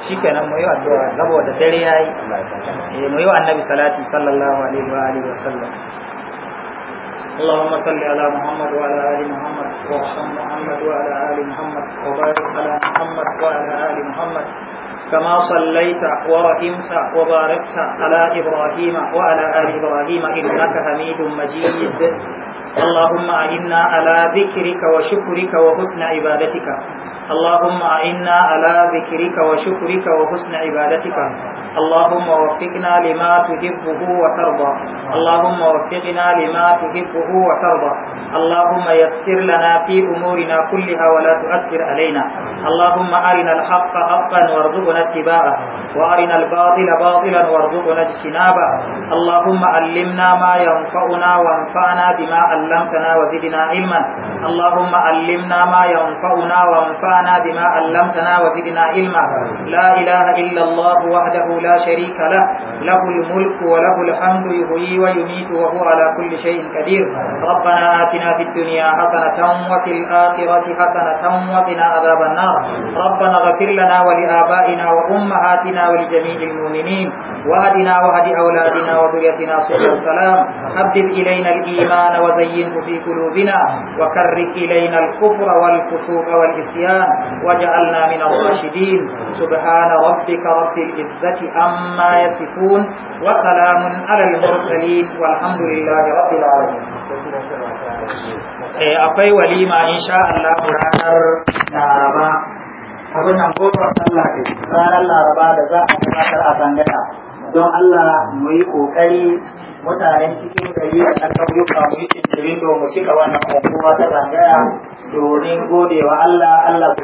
shi kenan mu yi addu'a saboda dare yayi eh mu yi annabi salati sallallahu alaihi wa alihi wa sallam اللهم صل على محمد وعلى ال محمد وارحم محمد وعلى ال محمد وبارك على محمد وعلى ال محمد كما صليت ورحمت وباركت على ابراهيم وعلى ال ابراهيم انك حميد مجيد اللهم أئنا على ذكرك وشكرك وحسن عبادتك اللهم أئنا على ذكرك وشكرك وحسن عبادتك اللهم وفقنا لما تحبه وترضى اللهم وفقنا لما تحبه وترضى اللهم يسر لنا في أمورنا كلها ولا تؤثر علينا اللهم أرنا الحق حقا وارزقنا اتباعه وأرنا الباطل باطلا وارزقنا اجتنابه اللهم علمنا ما ينفعنا وانفعنا بما علمتنا وزدنا علما اللهم علمنا ما ينفعنا وانفعنا بما علمتنا وزدنا علما لا إله إلا الله وحده لا شريك له له الملك وله الحمد يحيي ويميت وهو على كل شيء قدير ربنا آتنا في الدنيا حسنة وفي الآخرة حسنة وقنا عذاب النار ربنا اغفر لنا ولآبائنا وأمهاتنا ولجميع المؤمنين وهدنا وهد أولادنا وذريتنا سبل السلام حبب إلينا الإيمان وزينه في قلوبنا وكره إلينا الكفر والفسوق والعصيان واجعلنا من الراشدين سبحان ربك رب العزة عما يصفون وسلام على المرسلين والحمد لله رب العالمين akwai walima insha Allah ranar Laraba abin nan gobe Allah ranar Laraba da za a gabatar a sangata don Allah mu yi ƙoƙari mutanen cikin gari a yuka mu yi cincirin mu cika wannan unguwa ta zangaya domin godewa Allah Allah